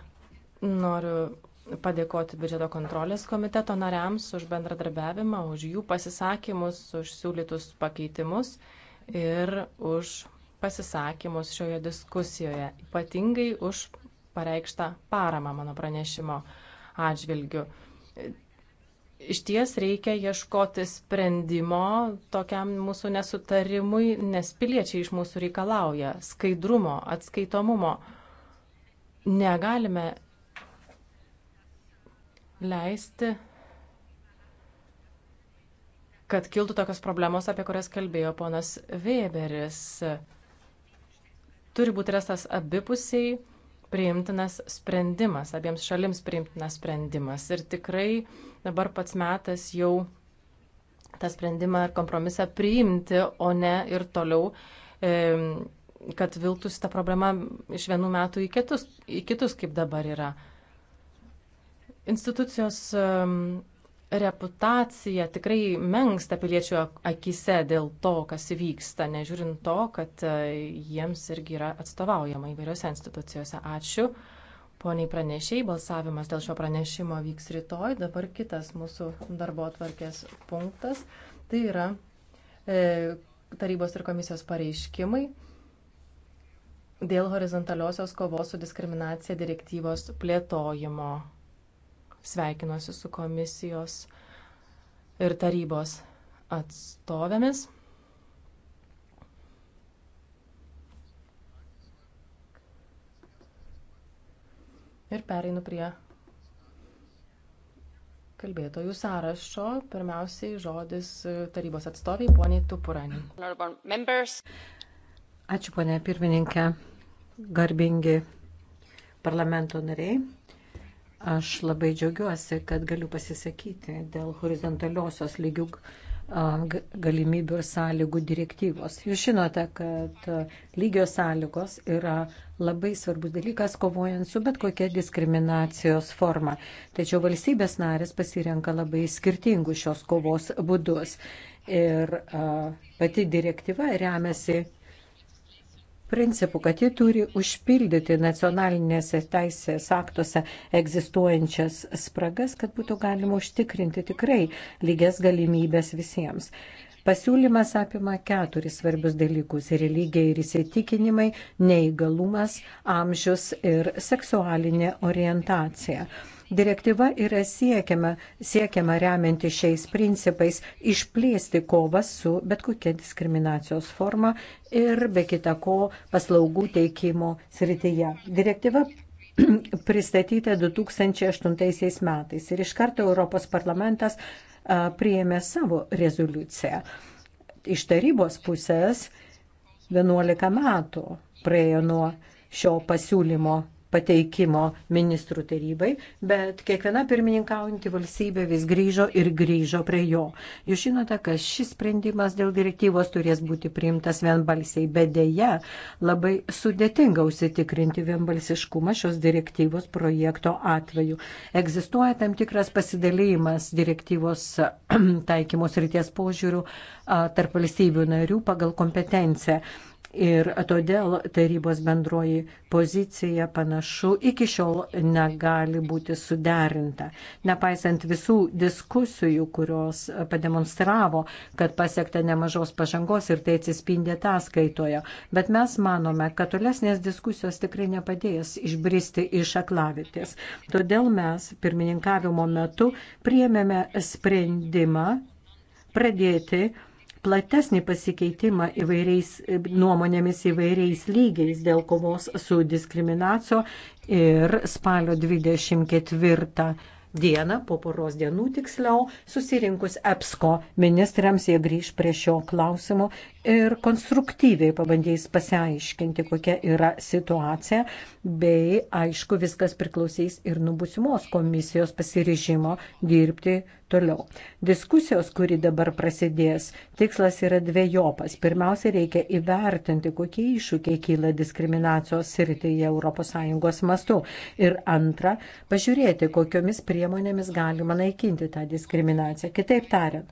Speaker 4: noriu padėkoti biudžeto kontrolės komiteto nariams už bendradarbiavimą, už jų pasisakymus, už siūlytus pakeitimus ir už pasisakymus šioje diskusijoje, ypatingai už pareikštą paramą mano pranešimo atžvilgiu. Iš ties reikia ieškoti sprendimo tokiam mūsų nesutarimui, nes piliečiai iš mūsų reikalauja skaidrumo, atskaitomumo. Negalime leisti, kad kiltų tokios problemos, apie kurias kalbėjo ponas Weberis. Turi būti restas abipusiai priimtinas sprendimas, abiems šalims priimtinas sprendimas. Ir tikrai dabar pats metas jau tą sprendimą ir kompromisą priimti, o ne ir toliau, kad viltųsi ta problema iš vienų metų į kitus, į kitus kaip dabar yra. Institucijos reputacija tikrai menksta piliečių akise dėl to, kas vyksta, nežiūrint to, kad e, jiems irgi yra atstovaujama įvairiose institucijose. Ačiū. Poniai pranešiai, balsavimas dėl šio pranešimo vyks rytoj. Dabar kitas mūsų darbo atvarkės punktas. Tai yra e, tarybos ir komisijos pareiškimai dėl horizontaliosios kovos su diskriminacija direktyvos plėtojimo sveikinuosi su komisijos ir tarybos atstovėmis. Ir pereinu prie kalbėtojų sąrašo. Pirmiausiai žodis tarybos atstoviai, poniai Tupurani.
Speaker 2: Ačiū, ponė pirmininkė, garbingi parlamento nariai. Aš labai džiaugiuosi, kad galiu pasisakyti dėl horizontaliosios lygių galimybių ir sąlygų direktyvos. Jūs žinote, kad lygios sąlygos yra labai svarbus dalykas, kovojant su bet kokia diskriminacijos forma. Tačiau valstybės narės pasirenka labai skirtingus šios kovos būdus. Ir a, pati direktyva remiasi principu, kad ji turi užpildyti nacionalinėse teisės aktuose egzistuojančias spragas, kad būtų galima užtikrinti tikrai lygias galimybės visiems. Pasiūlymas apima keturis svarbius dalykus - religija ir įsitikinimai, neįgalumas, amžius ir seksualinė orientacija. Direktyva yra siekiama, siekiama remianti šiais principais išplėsti kovą su bet kokia diskriminacijos forma ir be kita ko paslaugų teikimo srityje. Direktyva [CLEARS THROAT] pristatyta 2008 metais ir iš karto Europos parlamentas priėmė savo rezoliuciją. Iš tarybos pusės 11 metų praėjo nuo šio pasiūlymo pateikimo ministrų tarybai, bet kiekviena pirmininkaujanti valstybė vis grįžo ir grįžo prie jo. Jūs žinote, kad šis sprendimas dėl direktyvos turės būti priimtas vienbalsiai, bet dėja labai sudėtinga užsitikrinti vienbalsiškumą šios direktyvos projekto atveju. Egzistuoja tam tikras pasidalymas direktyvos [CLEARS THROAT] taikymos ryties požiūrių tarp valstybių narių pagal kompetenciją. Ir todėl tarybos bendroji pozicija panašu iki šiol negali būti suderinta. Nepaisant visų diskusijų, kurios pademonstravo, kad pasiekta nemažos pažangos ir tai atsispindė ataskaitoje. Bet mes manome, kad tolesnės diskusijos tikrai nepadės išbristi iš aklavitės. Todėl mes pirmininkavimo metu priėmėme sprendimą pradėti platesnį pasikeitimą įvairiais e, nuomonėmis įvairiais lygiais dėl kovos su diskriminacijo ir spalio 24 dieną, po poros dienų tiksliau, susirinkus EPSCO ministrams jie grįž prie šio klausimo ir konstruktyviai pabandys pasiaiškinti, kokia yra situacija, bei aišku, viskas priklausys ir nubusimos komisijos pasiryžimo dirbti toliau. Diskusijos, kuri dabar prasidės, tikslas yra dviejopas. Pirmiausia, reikia įvertinti, kokie iššūkiai kyla diskriminacijos srityje ES mastu. Ir antra, pažiūrėti, kokiomis priemonėmis galima naikinti tą diskriminaciją. Kitaip tariant,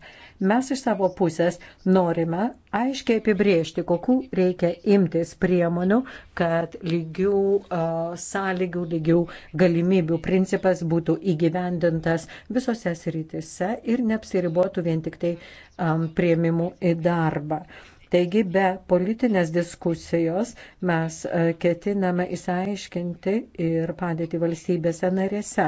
Speaker 2: Mes iš savo pusės norime aiškiai apibriežti, kokių reikia imtis priemonių, kad lygių uh, sąlygių, lygių galimybių principas būtų įgyvendintas visose sritise ir neapsiribotų vien tik tai um, prieimimu į darbą. Taigi be politinės diskusijos mes e, ketiname įsiaiškinti ir padėti valstybėse narėse.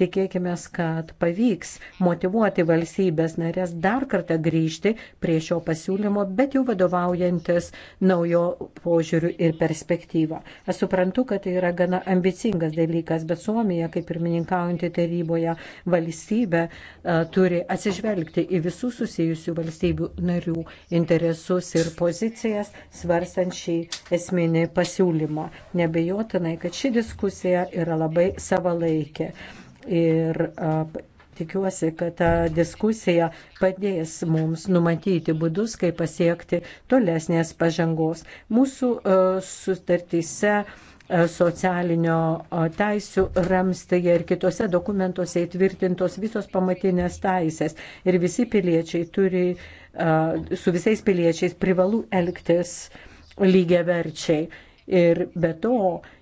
Speaker 2: Tikėkime, kad pavyks motivuoti valstybės narės dar kartą grįžti prie šio pasiūlymo, bet jau vadovaujantis naujo požiūrių ir perspektyvą. Aš suprantu, kad tai yra gana ambicingas dalykas, bet Suomija, kaip ir mininkaujantį taryboje valstybę, e, turi atsižvelgti į visų susijusių valstybių narių interesus ir ir pozicijas, svarstant šį esminį pasiūlymą. Nebejotinai, kad ši diskusija yra labai savalaikė. Ir uh, tikiuosi, kad ta diskusija padės mums numatyti būdus, kaip pasiekti tolesnės pažangos. Mūsų uh, sutartyse uh, socialinio teisų ramstėje ir kitose dokumentuose įtvirtintos visos pamatinės teisės ir visi piliečiai turi uh, su visais piliečiais privalu elgtis lygiaverčiai. Ir be to,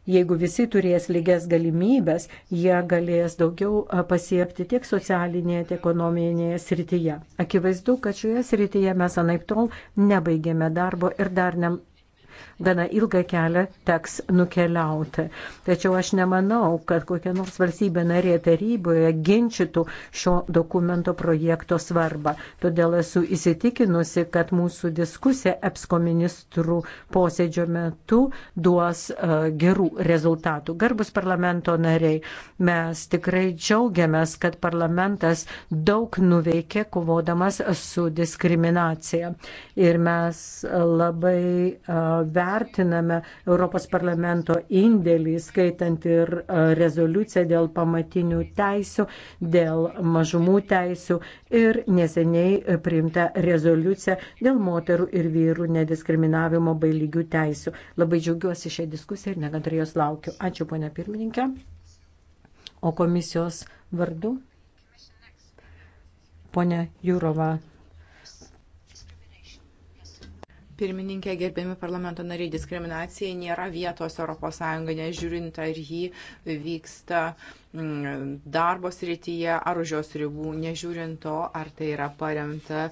Speaker 2: jeigu visi turės lygias galimybės, jie galės daugiau pasiekti tiek socialinėje, tiek ekonominėje srityje. Akivaizdu, kad šioje srityje mes anaip tol nebaigėme darbo ir dar ne, gana ilgą kelią teks nukeliauti. Tačiau aš nemanau, kad kokia nors valstybė narė taryboje ginčytų šio dokumento projekto svarbą. Todėl esu įsitikinusi, kad mūsų diskusija EPSCO ministrų posėdžio metu duos uh, gerų rezultatų. Garbus parlamento nariai, mes tikrai džiaugiamės, kad parlamentas daug nuveikė kovodamas su diskriminacija. Ir mes labai uh, vertiname vertiname Europos parlamento indėlį, skaitant ir e, rezoliuciją dėl pamatinių teisių, dėl mažumų teisių ir neseniai e, priimta rezoliucija dėl moterų ir vyrų nediskriminavimo bei lygių teisių. Labai džiaugiuosi šią diskusiją ir nekantriai jos laukiu. Ačiū, ponia pirmininkė. O komisijos vardu? Pone Jūrova
Speaker 6: Pirmininkė, gerbiami parlamento nariai, diskriminacijai nėra vietos ES, nežiūrint ar jį vyksta mm, darbo srityje ar už jos ribų, nežiūrint to, ar tai yra paremta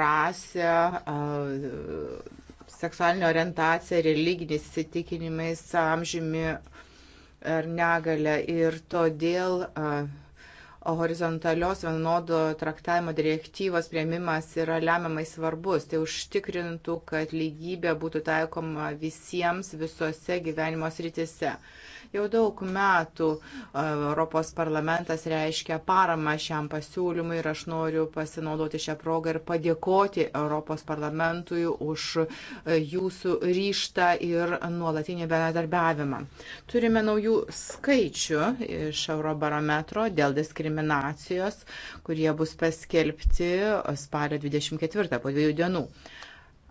Speaker 6: rasė seksualinė orientacija, religinis įsitikinimais, amžiumi ar negalę. Ir todėl uh, horizontalios vienodo traktavimo direktyvos prieimimas yra lemiamai svarbus. Tai užtikrintų, kad lygybė būtų taikoma visiems visose gyvenimo sritise. Jau daug metų Europos parlamentas reiškia paramą šiam pasiūlymui ir aš noriu pasinaudoti šią progą ir padėkoti Europos parlamentui už jūsų ryštą ir nuolatinį bendradarbiavimą. Turime naujų skaičių iš Eurobarometro dėl diskriminacijos, kurie bus paskelbti spalio 24 po dviejų dienų.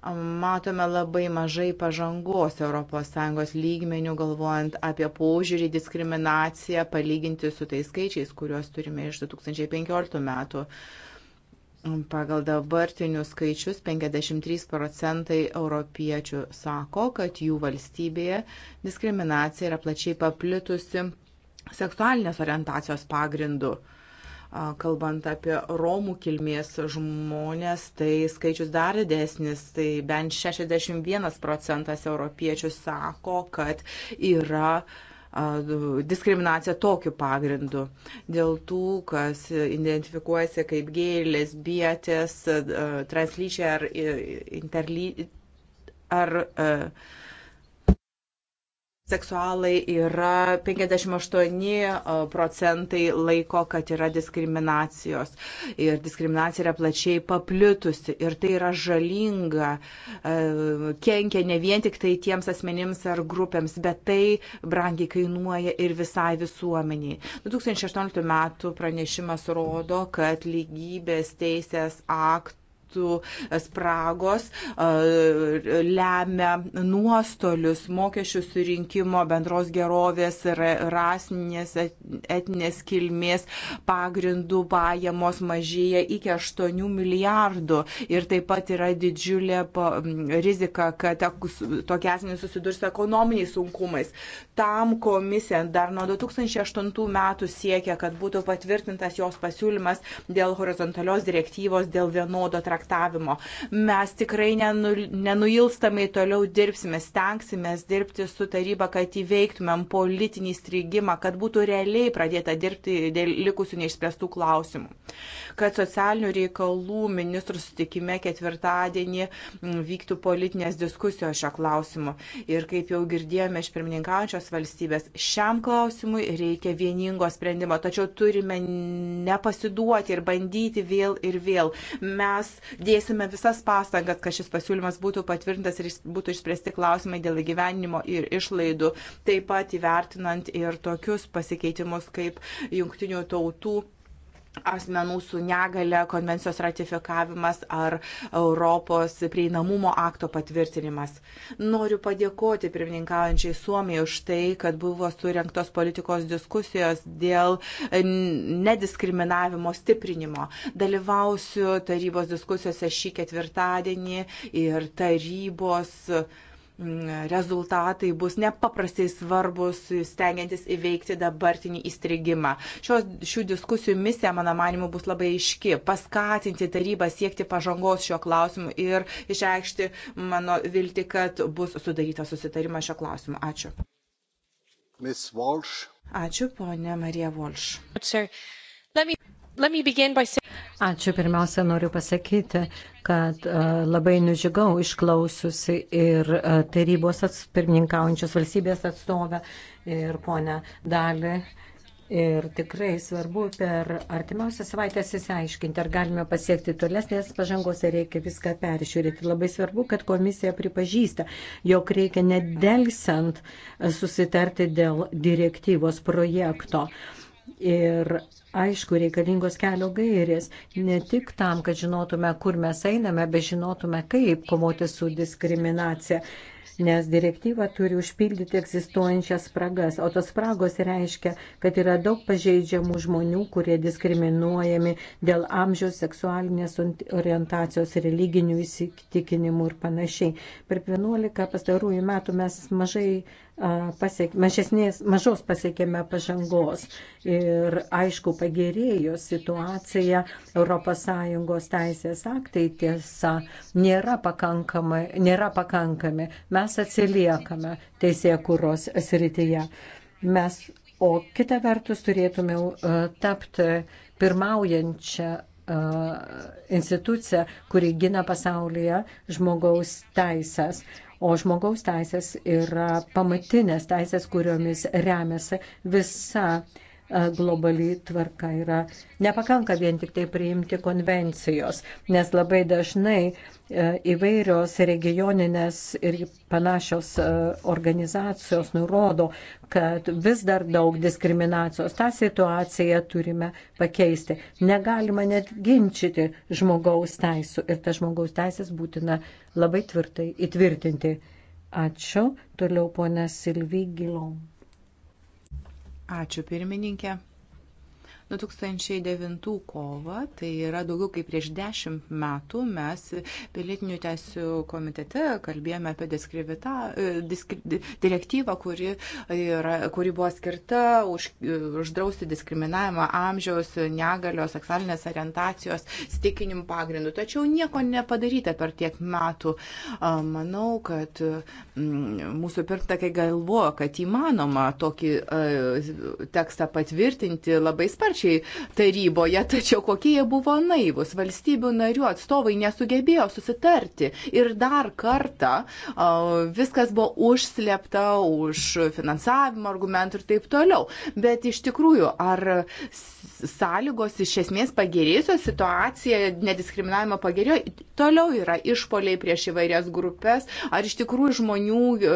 Speaker 6: Matome labai mažai pažangos ES lygmenių, galvojant apie požiūrį, diskriminaciją, palyginti su tais skaičiais, kuriuos turime iš 2015 metų. Pagal dabartinius skaičius 53 procentai europiečių sako, kad jų valstybėje diskriminacija yra plačiai paplitusi seksualinės orientacijos pagrindu. Kalbant apie Romų kilmės žmonės, tai skaičius dar didesnis, tai bent 61 procentas europiečių sako, kad yra diskriminacija tokiu pagrindu. Dėl tų, kas identifikuojasi kaip gėjai, lesbietės, translyčiai ar interly... ar uh, seksualai yra 58 e, procentai laiko, kad yra diskriminacijos. Ir diskriminacija yra plačiai paplitusi. Ir tai yra žalinga, e, kenkia ne vien tik tai tiems asmenims ar grupėms, bet tai brangiai kainuoja ir visai visuomeniai. 2016 metų pranešimas rodo, kad lygybės teisės aktų biudžetų e, spragos e, lemia nuostolius mokesčių surinkimo bendros gerovės, rasinės, etinės kilmės pagrindų pajamos mažėja iki 8 milijardų. Ir taip pat yra didžiulė rizika, kad tokie asmenys susidurs ekonominiais sunkumais. Tam komisija dar nuo 2008 metų siekia, kad būtų patvirtintas jos pasiūlymas dėl horizontalios direktyvos, dėl vienodo traktavimas traktavimo. Mes tikrai nenu, nenuilstamai toliau dirbsime, stengsime dirbti su taryba, kad įveiktumėm politinį strigimą, kad būtų realiai pradėta dirbti dėl likusių neišspręstų klausimų kad socialinių reikalų ministrų sutikime ketvirtadienį vyktų politinės diskusijos šio klausimu. Ir kaip jau girdėjome iš pirmininkaujančios valstybės, šiam klausimui reikia vieningo sprendimo, tačiau turime nepasiduoti ir bandyti vėl ir vėl. Mes dėsime visas pastangas, kad šis pasiūlymas būtų patvirtintas ir būtų išspręsti klausimai dėl gyvenimo ir išlaidų, taip pat įvertinant ir tokius pasikeitimus kaip jungtinių tautų asmenų su negale konvencijos ratifikavimas ar Europos prieinamumo akto patvirtinimas. Noriu padėkoti pirmininkaujančiai Suomijai už tai, kad buvo surinktos politikos diskusijos dėl nediskriminavimo stiprinimo. Dalyvausiu tarybos diskusijose šį ketvirtadienį ir tarybos uh, rezultatai bus nepaprastai svarbus, stengiantis įveikti dabartinį įstrigimą. Šios, šių diskusijų misija, mano manimu, bus labai aiški - paskatinti tarybą siekti pažangos šio klausimu ir išreikšti mano vilti, kad bus sudarytas susitarimas šio klausimu. Ačiū. Ačiū, ponė Marija
Speaker 2: Volš. Ačiū. Pirmiausia, noriu pasakyti, kad e, labai nužygau išklausiusi ir e, tarybos pirmininkaujančios valstybės atstovę ir ponę dalį. Ir tikrai svarbu per artimiausią savaitę įsiaiškinti, ar galime pasiekti tolesnės pažangos, ar reikia viską peržiūrėti. Labai svarbu, kad komisija pripažįsta, jog reikia nedelsiant susitarti dėl direktyvos projekto. Uh, Ir aišku, reikalingos kelio gairės, ne tik tam, kad žinotume, kur mes einame, bet žinotume, kaip kovoti su diskriminacija. Nes direktyva turi užpildyti egzistuojančias spragas, o tos spragos reiškia, kad yra daug pažeidžiamų žmonių, kurie diskriminuojami dėl amžiaus, seksualinės orientacijos, religinių įsitikinimų ir panašiai. Per 11 pastarųjų metų mes mažai pasiek, mažesnės, mažos pasiekėme pažangos ir aišku pagerėjo situacija ES teisės aktai tiesa nėra, nėra pakankami, mes atsiliekame teisėkuros srityje. Mes, o kita vertus turėtume tapti pirmaujančią institucija, kuri gina pasaulyje žmogaus teisės. O žmogaus teisės yra pamatinės teisės, kuriomis remiasi visa uh, E, globali tvarka yra. Nepakanka vien tik tai priimti konvencijos, nes labai dažnai e, įvairios regioninės ir panašios e, organizacijos nurodo, kad vis dar daug diskriminacijos. Ta situacija turime pakeisti. Negalima net ginčyti žmogaus teisų ir tas žmogaus teisės būtina labai tvirtai įtvirtinti. Ačiū. Toliau ponas Silvi Gilom. Ačiū pirmininkė.
Speaker 6: 2009 kovą, tai yra daugiau kaip prieš dešimt metų, mes pilietinių teisų komitete kalbėjome apie diskri, direktyvą, kuri, yra, kuri buvo skirta už, uždrausti diskriminavimą amžiaus, negalios, seksualinės orientacijos, stikinim pagrindų. Tačiau nieko nepadaryta per tiek metų. Manau, kad mm, mūsų pirmtakai galvoja, kad įmanoma tokį tekstą patvirtinti labai sparčiai skaičiai taryboje, tačiau kokie jie buvo naivus. Valstybių narių atstovai nesugebėjo susitarti ir dar kartą viskas buvo užslepta už finansavimo argumentų ir taip toliau. Bet iš tikrųjų, ar sąlygos iš esmės pagerėjusios, situacija nediskriminavimo pagerėjo, toliau yra išpoliai prieš įvairias grupės, ar iš tikrųjų žmonių e,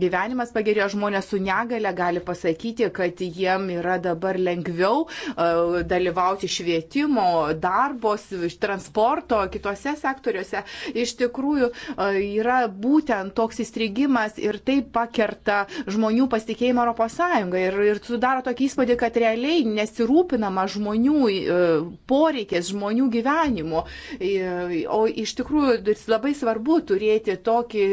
Speaker 6: gyvenimas pagerėjo, žmonės su negale gali pasakyti, kad jiem yra dabar lengviau E, dalyvauti švietimo, darbos, transporto, kitose sektoriuose. Iš tikrųjų e, yra būtent toks įstrigimas ir tai pakerta žmonių pasitikėjimą ES ir, ir sudaro tokį įspūdį, kad realiai nesirūpinama žmonių e, poreikės, žmonių gyvenimu. O iš tikrųjų labai svarbu turėti tokį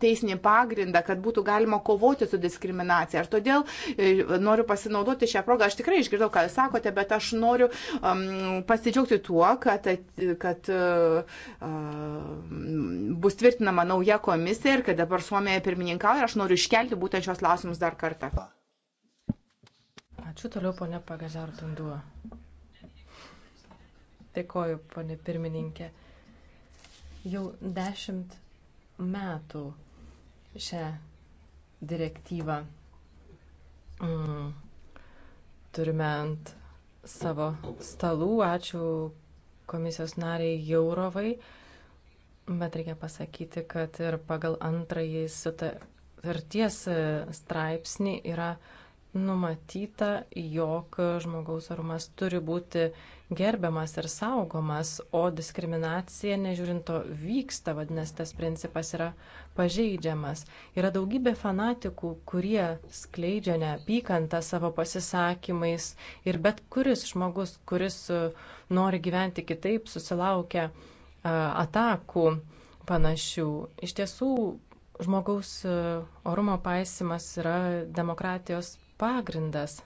Speaker 6: teisinį pagrindą, kad būtų galima kovoti su diskriminacija. Ir todėl noriu pasinaudoti šią progą. Aš tikrai išgirdau, ką jūs sakote sakote, bet aš noriu um, pasidžiaugti tuo, kad, kad uh, bus tvirtinama nauja komisija ir kad dabar Suomija pirmininkauja ir aš noriu iškelti būtent šios klausimus dar kartą.
Speaker 4: Ačiū toliau, ponė Pagazar Tunduo. Dėkoju, ponė pirmininkė. Jau dešimt metų šią direktyvą mm, turime ant savo stalų. Ačiū komisijos nariai Jaurovai. Bet reikia pasakyti, kad ir pagal antrąjį sutarties e, straipsnį yra numatyta, jog žmogaus arumas turi būti gerbiamas ir saugomas, o diskriminacija nežiūrinto vyksta, vadinasi, tas principas yra pažeidžiamas. Yra daugybė fanatikų, kurie skleidžia neapykantą savo pasisakymais ir bet kuris žmogus, kuris e, nori gyventi kitaip, susilaukia e, atakų panašių. Iš tiesų, žmogaus e, orumo paisimas yra demokratijos pagrindas.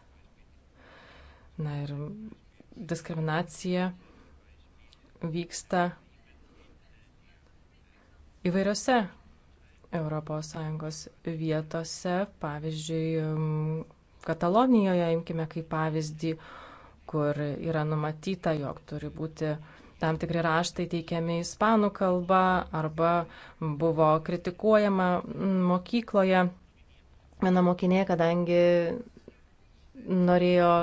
Speaker 4: Na ir diskriminacija vyksta įvairiose ES vietose, pavyzdžiui, Katalonijoje, imkime kaip pavyzdį, kur yra numatyta, jog turi būti tam tikri raštai teikiami ispanų kalba arba buvo kritikuojama mokykloje viena mokinė, kadangi norėjo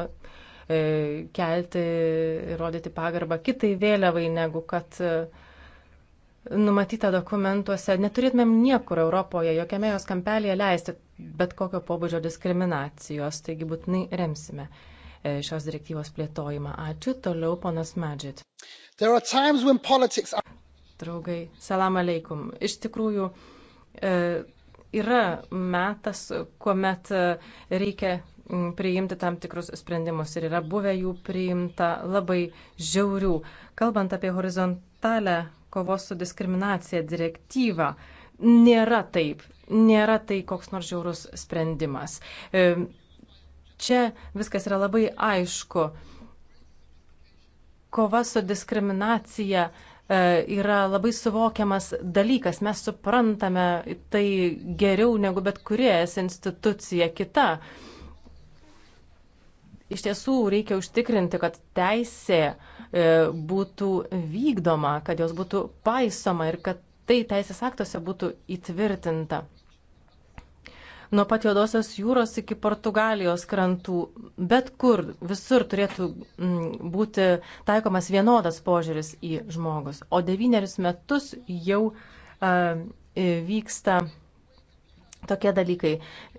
Speaker 4: E, kelti ir rodyti pagarbą kitai vėliavai, negu kad e, numatyta dokumentuose. Neturėtumėm niekur Europoje, jokiame jos kampelėje leisti bet kokio pobūdžio diskriminacijos, taigi būtinai remsime e, šios direktyvos plėtojimą. Ačiū. Toliau ponas Medžit. Politics... Draugai, salam aleikum. Iš tikrųjų, yra metas, kuomet reikia priimti tam tikrus sprendimus ir yra buvę jų priimta labai žiaurių. Kalbant apie horizontalę kovos su diskriminacija direktyvą, nėra taip, nėra tai koks nors žiaurus sprendimas. E, čia viskas yra labai aišku. Kova su diskriminacija e, yra labai suvokiamas dalykas. Mes suprantame tai geriau negu bet kurie es institucija kita. Uh, iš tiesų reikia užtikrinti, kad teisė e, būtų vykdoma, kad jos būtų paisoma ir kad tai teisės aktuose būtų įtvirtinta. Nuo pat Jodosios jūros iki Portugalijos krantų, bet kur, visur turėtų būti taikomas vienodas požiūris į žmogus. O devynerius metus jau uh, vyksta tokie dalykai.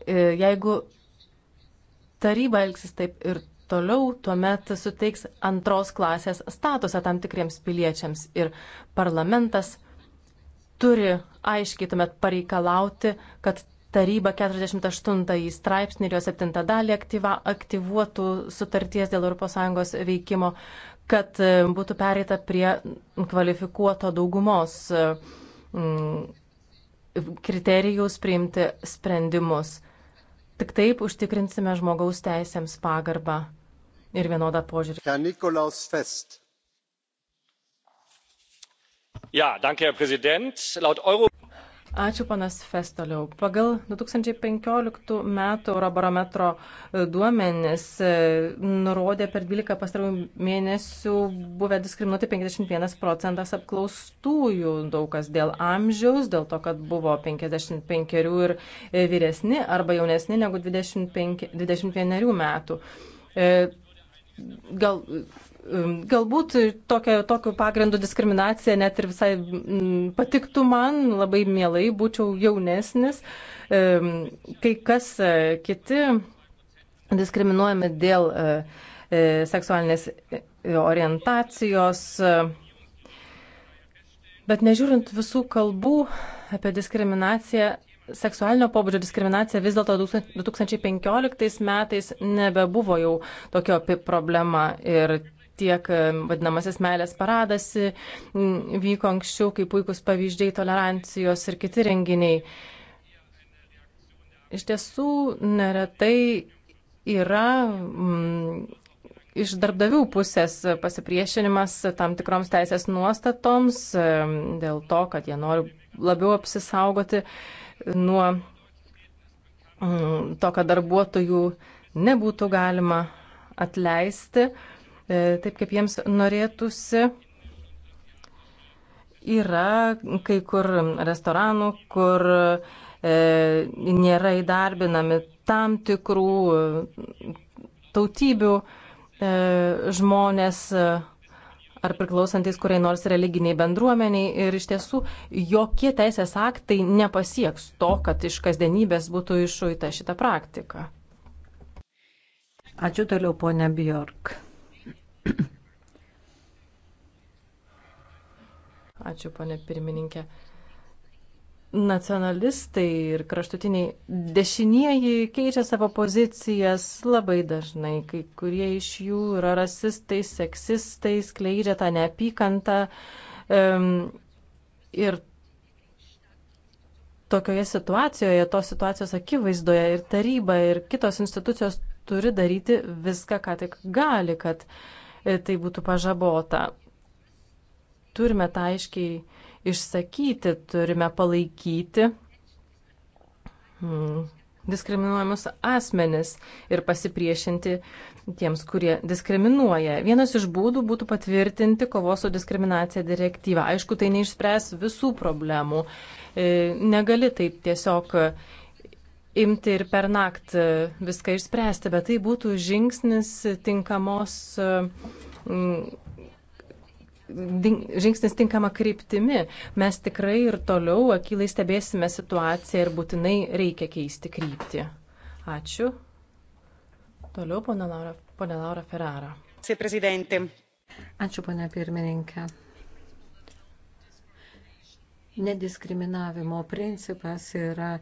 Speaker 4: E, jeigu taryba elgsis taip ir toliau, tuomet suteiks antros klasės statusą tam tikriems piliečiams ir parlamentas turi aiškiai tuomet pareikalauti, kad taryba 48 straipsnį ir jo 7 dalį aktyva, aktyvuotų sutarties dėl ES veikimo, kad e, būtų pereita prie kvalifikuoto daugumos e, kriterijaus priimti sprendimus. Tik taip užtikrinsime žmogaus teisėms pagarbą ir vienodą požiūrį. Ja, danke, Herr Präsident. Laut Euro Ačiū, panas Fes toliau. Pagal 2015 metų Eurobarometro e, duomenis e, nurodė per 12 pastarųjų mėnesių buvę diskriminuoti 51 procentas apklaustųjų, daug kas dėl amžiaus, dėl to, kad buvo 55 ir e, vyresni arba jaunesni negu 25, 21 metų. Gal Galbūt tokio, tokiu pagrindu diskriminacija net ir visai mm, patiktų man, labai mielai būčiau jaunesnis. Kai kas e, kiti diskriminuojami dėl e, e, seksualinės orientacijos. Bet nežiūrint visų kalbų apie diskriminaciją, seksualinio pobūdžio diskriminacija vis dėlto 2015 metais nebebuvo jau tokio problema ir tiek vadinamasis meilės paradas vyko anksčiau, kaip puikus pavyzdžiai tolerancijos ir kiti renginiai. Iš tiesų, neretai yra mm, iš darbdavių pusės pasipriešinimas tam tikroms teisės nuostatoms dėl to, kad jie nori labiau apsisaugoti nuo to, kad darbuotojų nebūtų galima atleisti. E, taip, kaip jiems norėtųsi. Yra kai kur restoranų, kur e, nėra įdarbinami tam tikrų tautybių e, žmonės ar priklausantis kuriai nors religiniai bendruomeniai ir iš tiesų jokie teisės aktai nepasieks to, kad iš kasdienybės būtų išuita šita praktika. Ačiū toliau, ponia Bjork. Ačiū, ponė pirmininkė. Nacionalistai ir kraštutiniai dešinieji keičia savo pozicijas labai dažnai. Kai kurie iš jų yra rasistai, seksistai, skleidžia tą neapykantą. Um, ir tokioje situacijoje, tos situacijos akivaizdoje ir taryba, ir kitos institucijos turi daryti viską, ką tik gali, kad uh, E, tai būtų pažabota. Turime tą aiškiai išsakyti, turime palaikyti hmm, diskriminuojamus asmenis ir pasipriešinti tiems, kurie diskriminuoja. Vienas iš būdų būtų patvirtinti kovos su diskriminacija direktyvą. Aišku, tai neišspręs visų problemų. E, negali taip tiesiog imti ir per naktį viską išspręsti, bet tai būtų žingsnis tinkamos, mm, žingsnis tinkama kryptimi. Mes tikrai ir toliau akilai stebėsime situaciją ir būtinai reikia keisti kryptį. Ačiū. Toliau, ponė Laura, ponė Laura Ferrara. Ačiū, ponė pirmininkė.
Speaker 2: Nediskriminavimo principas yra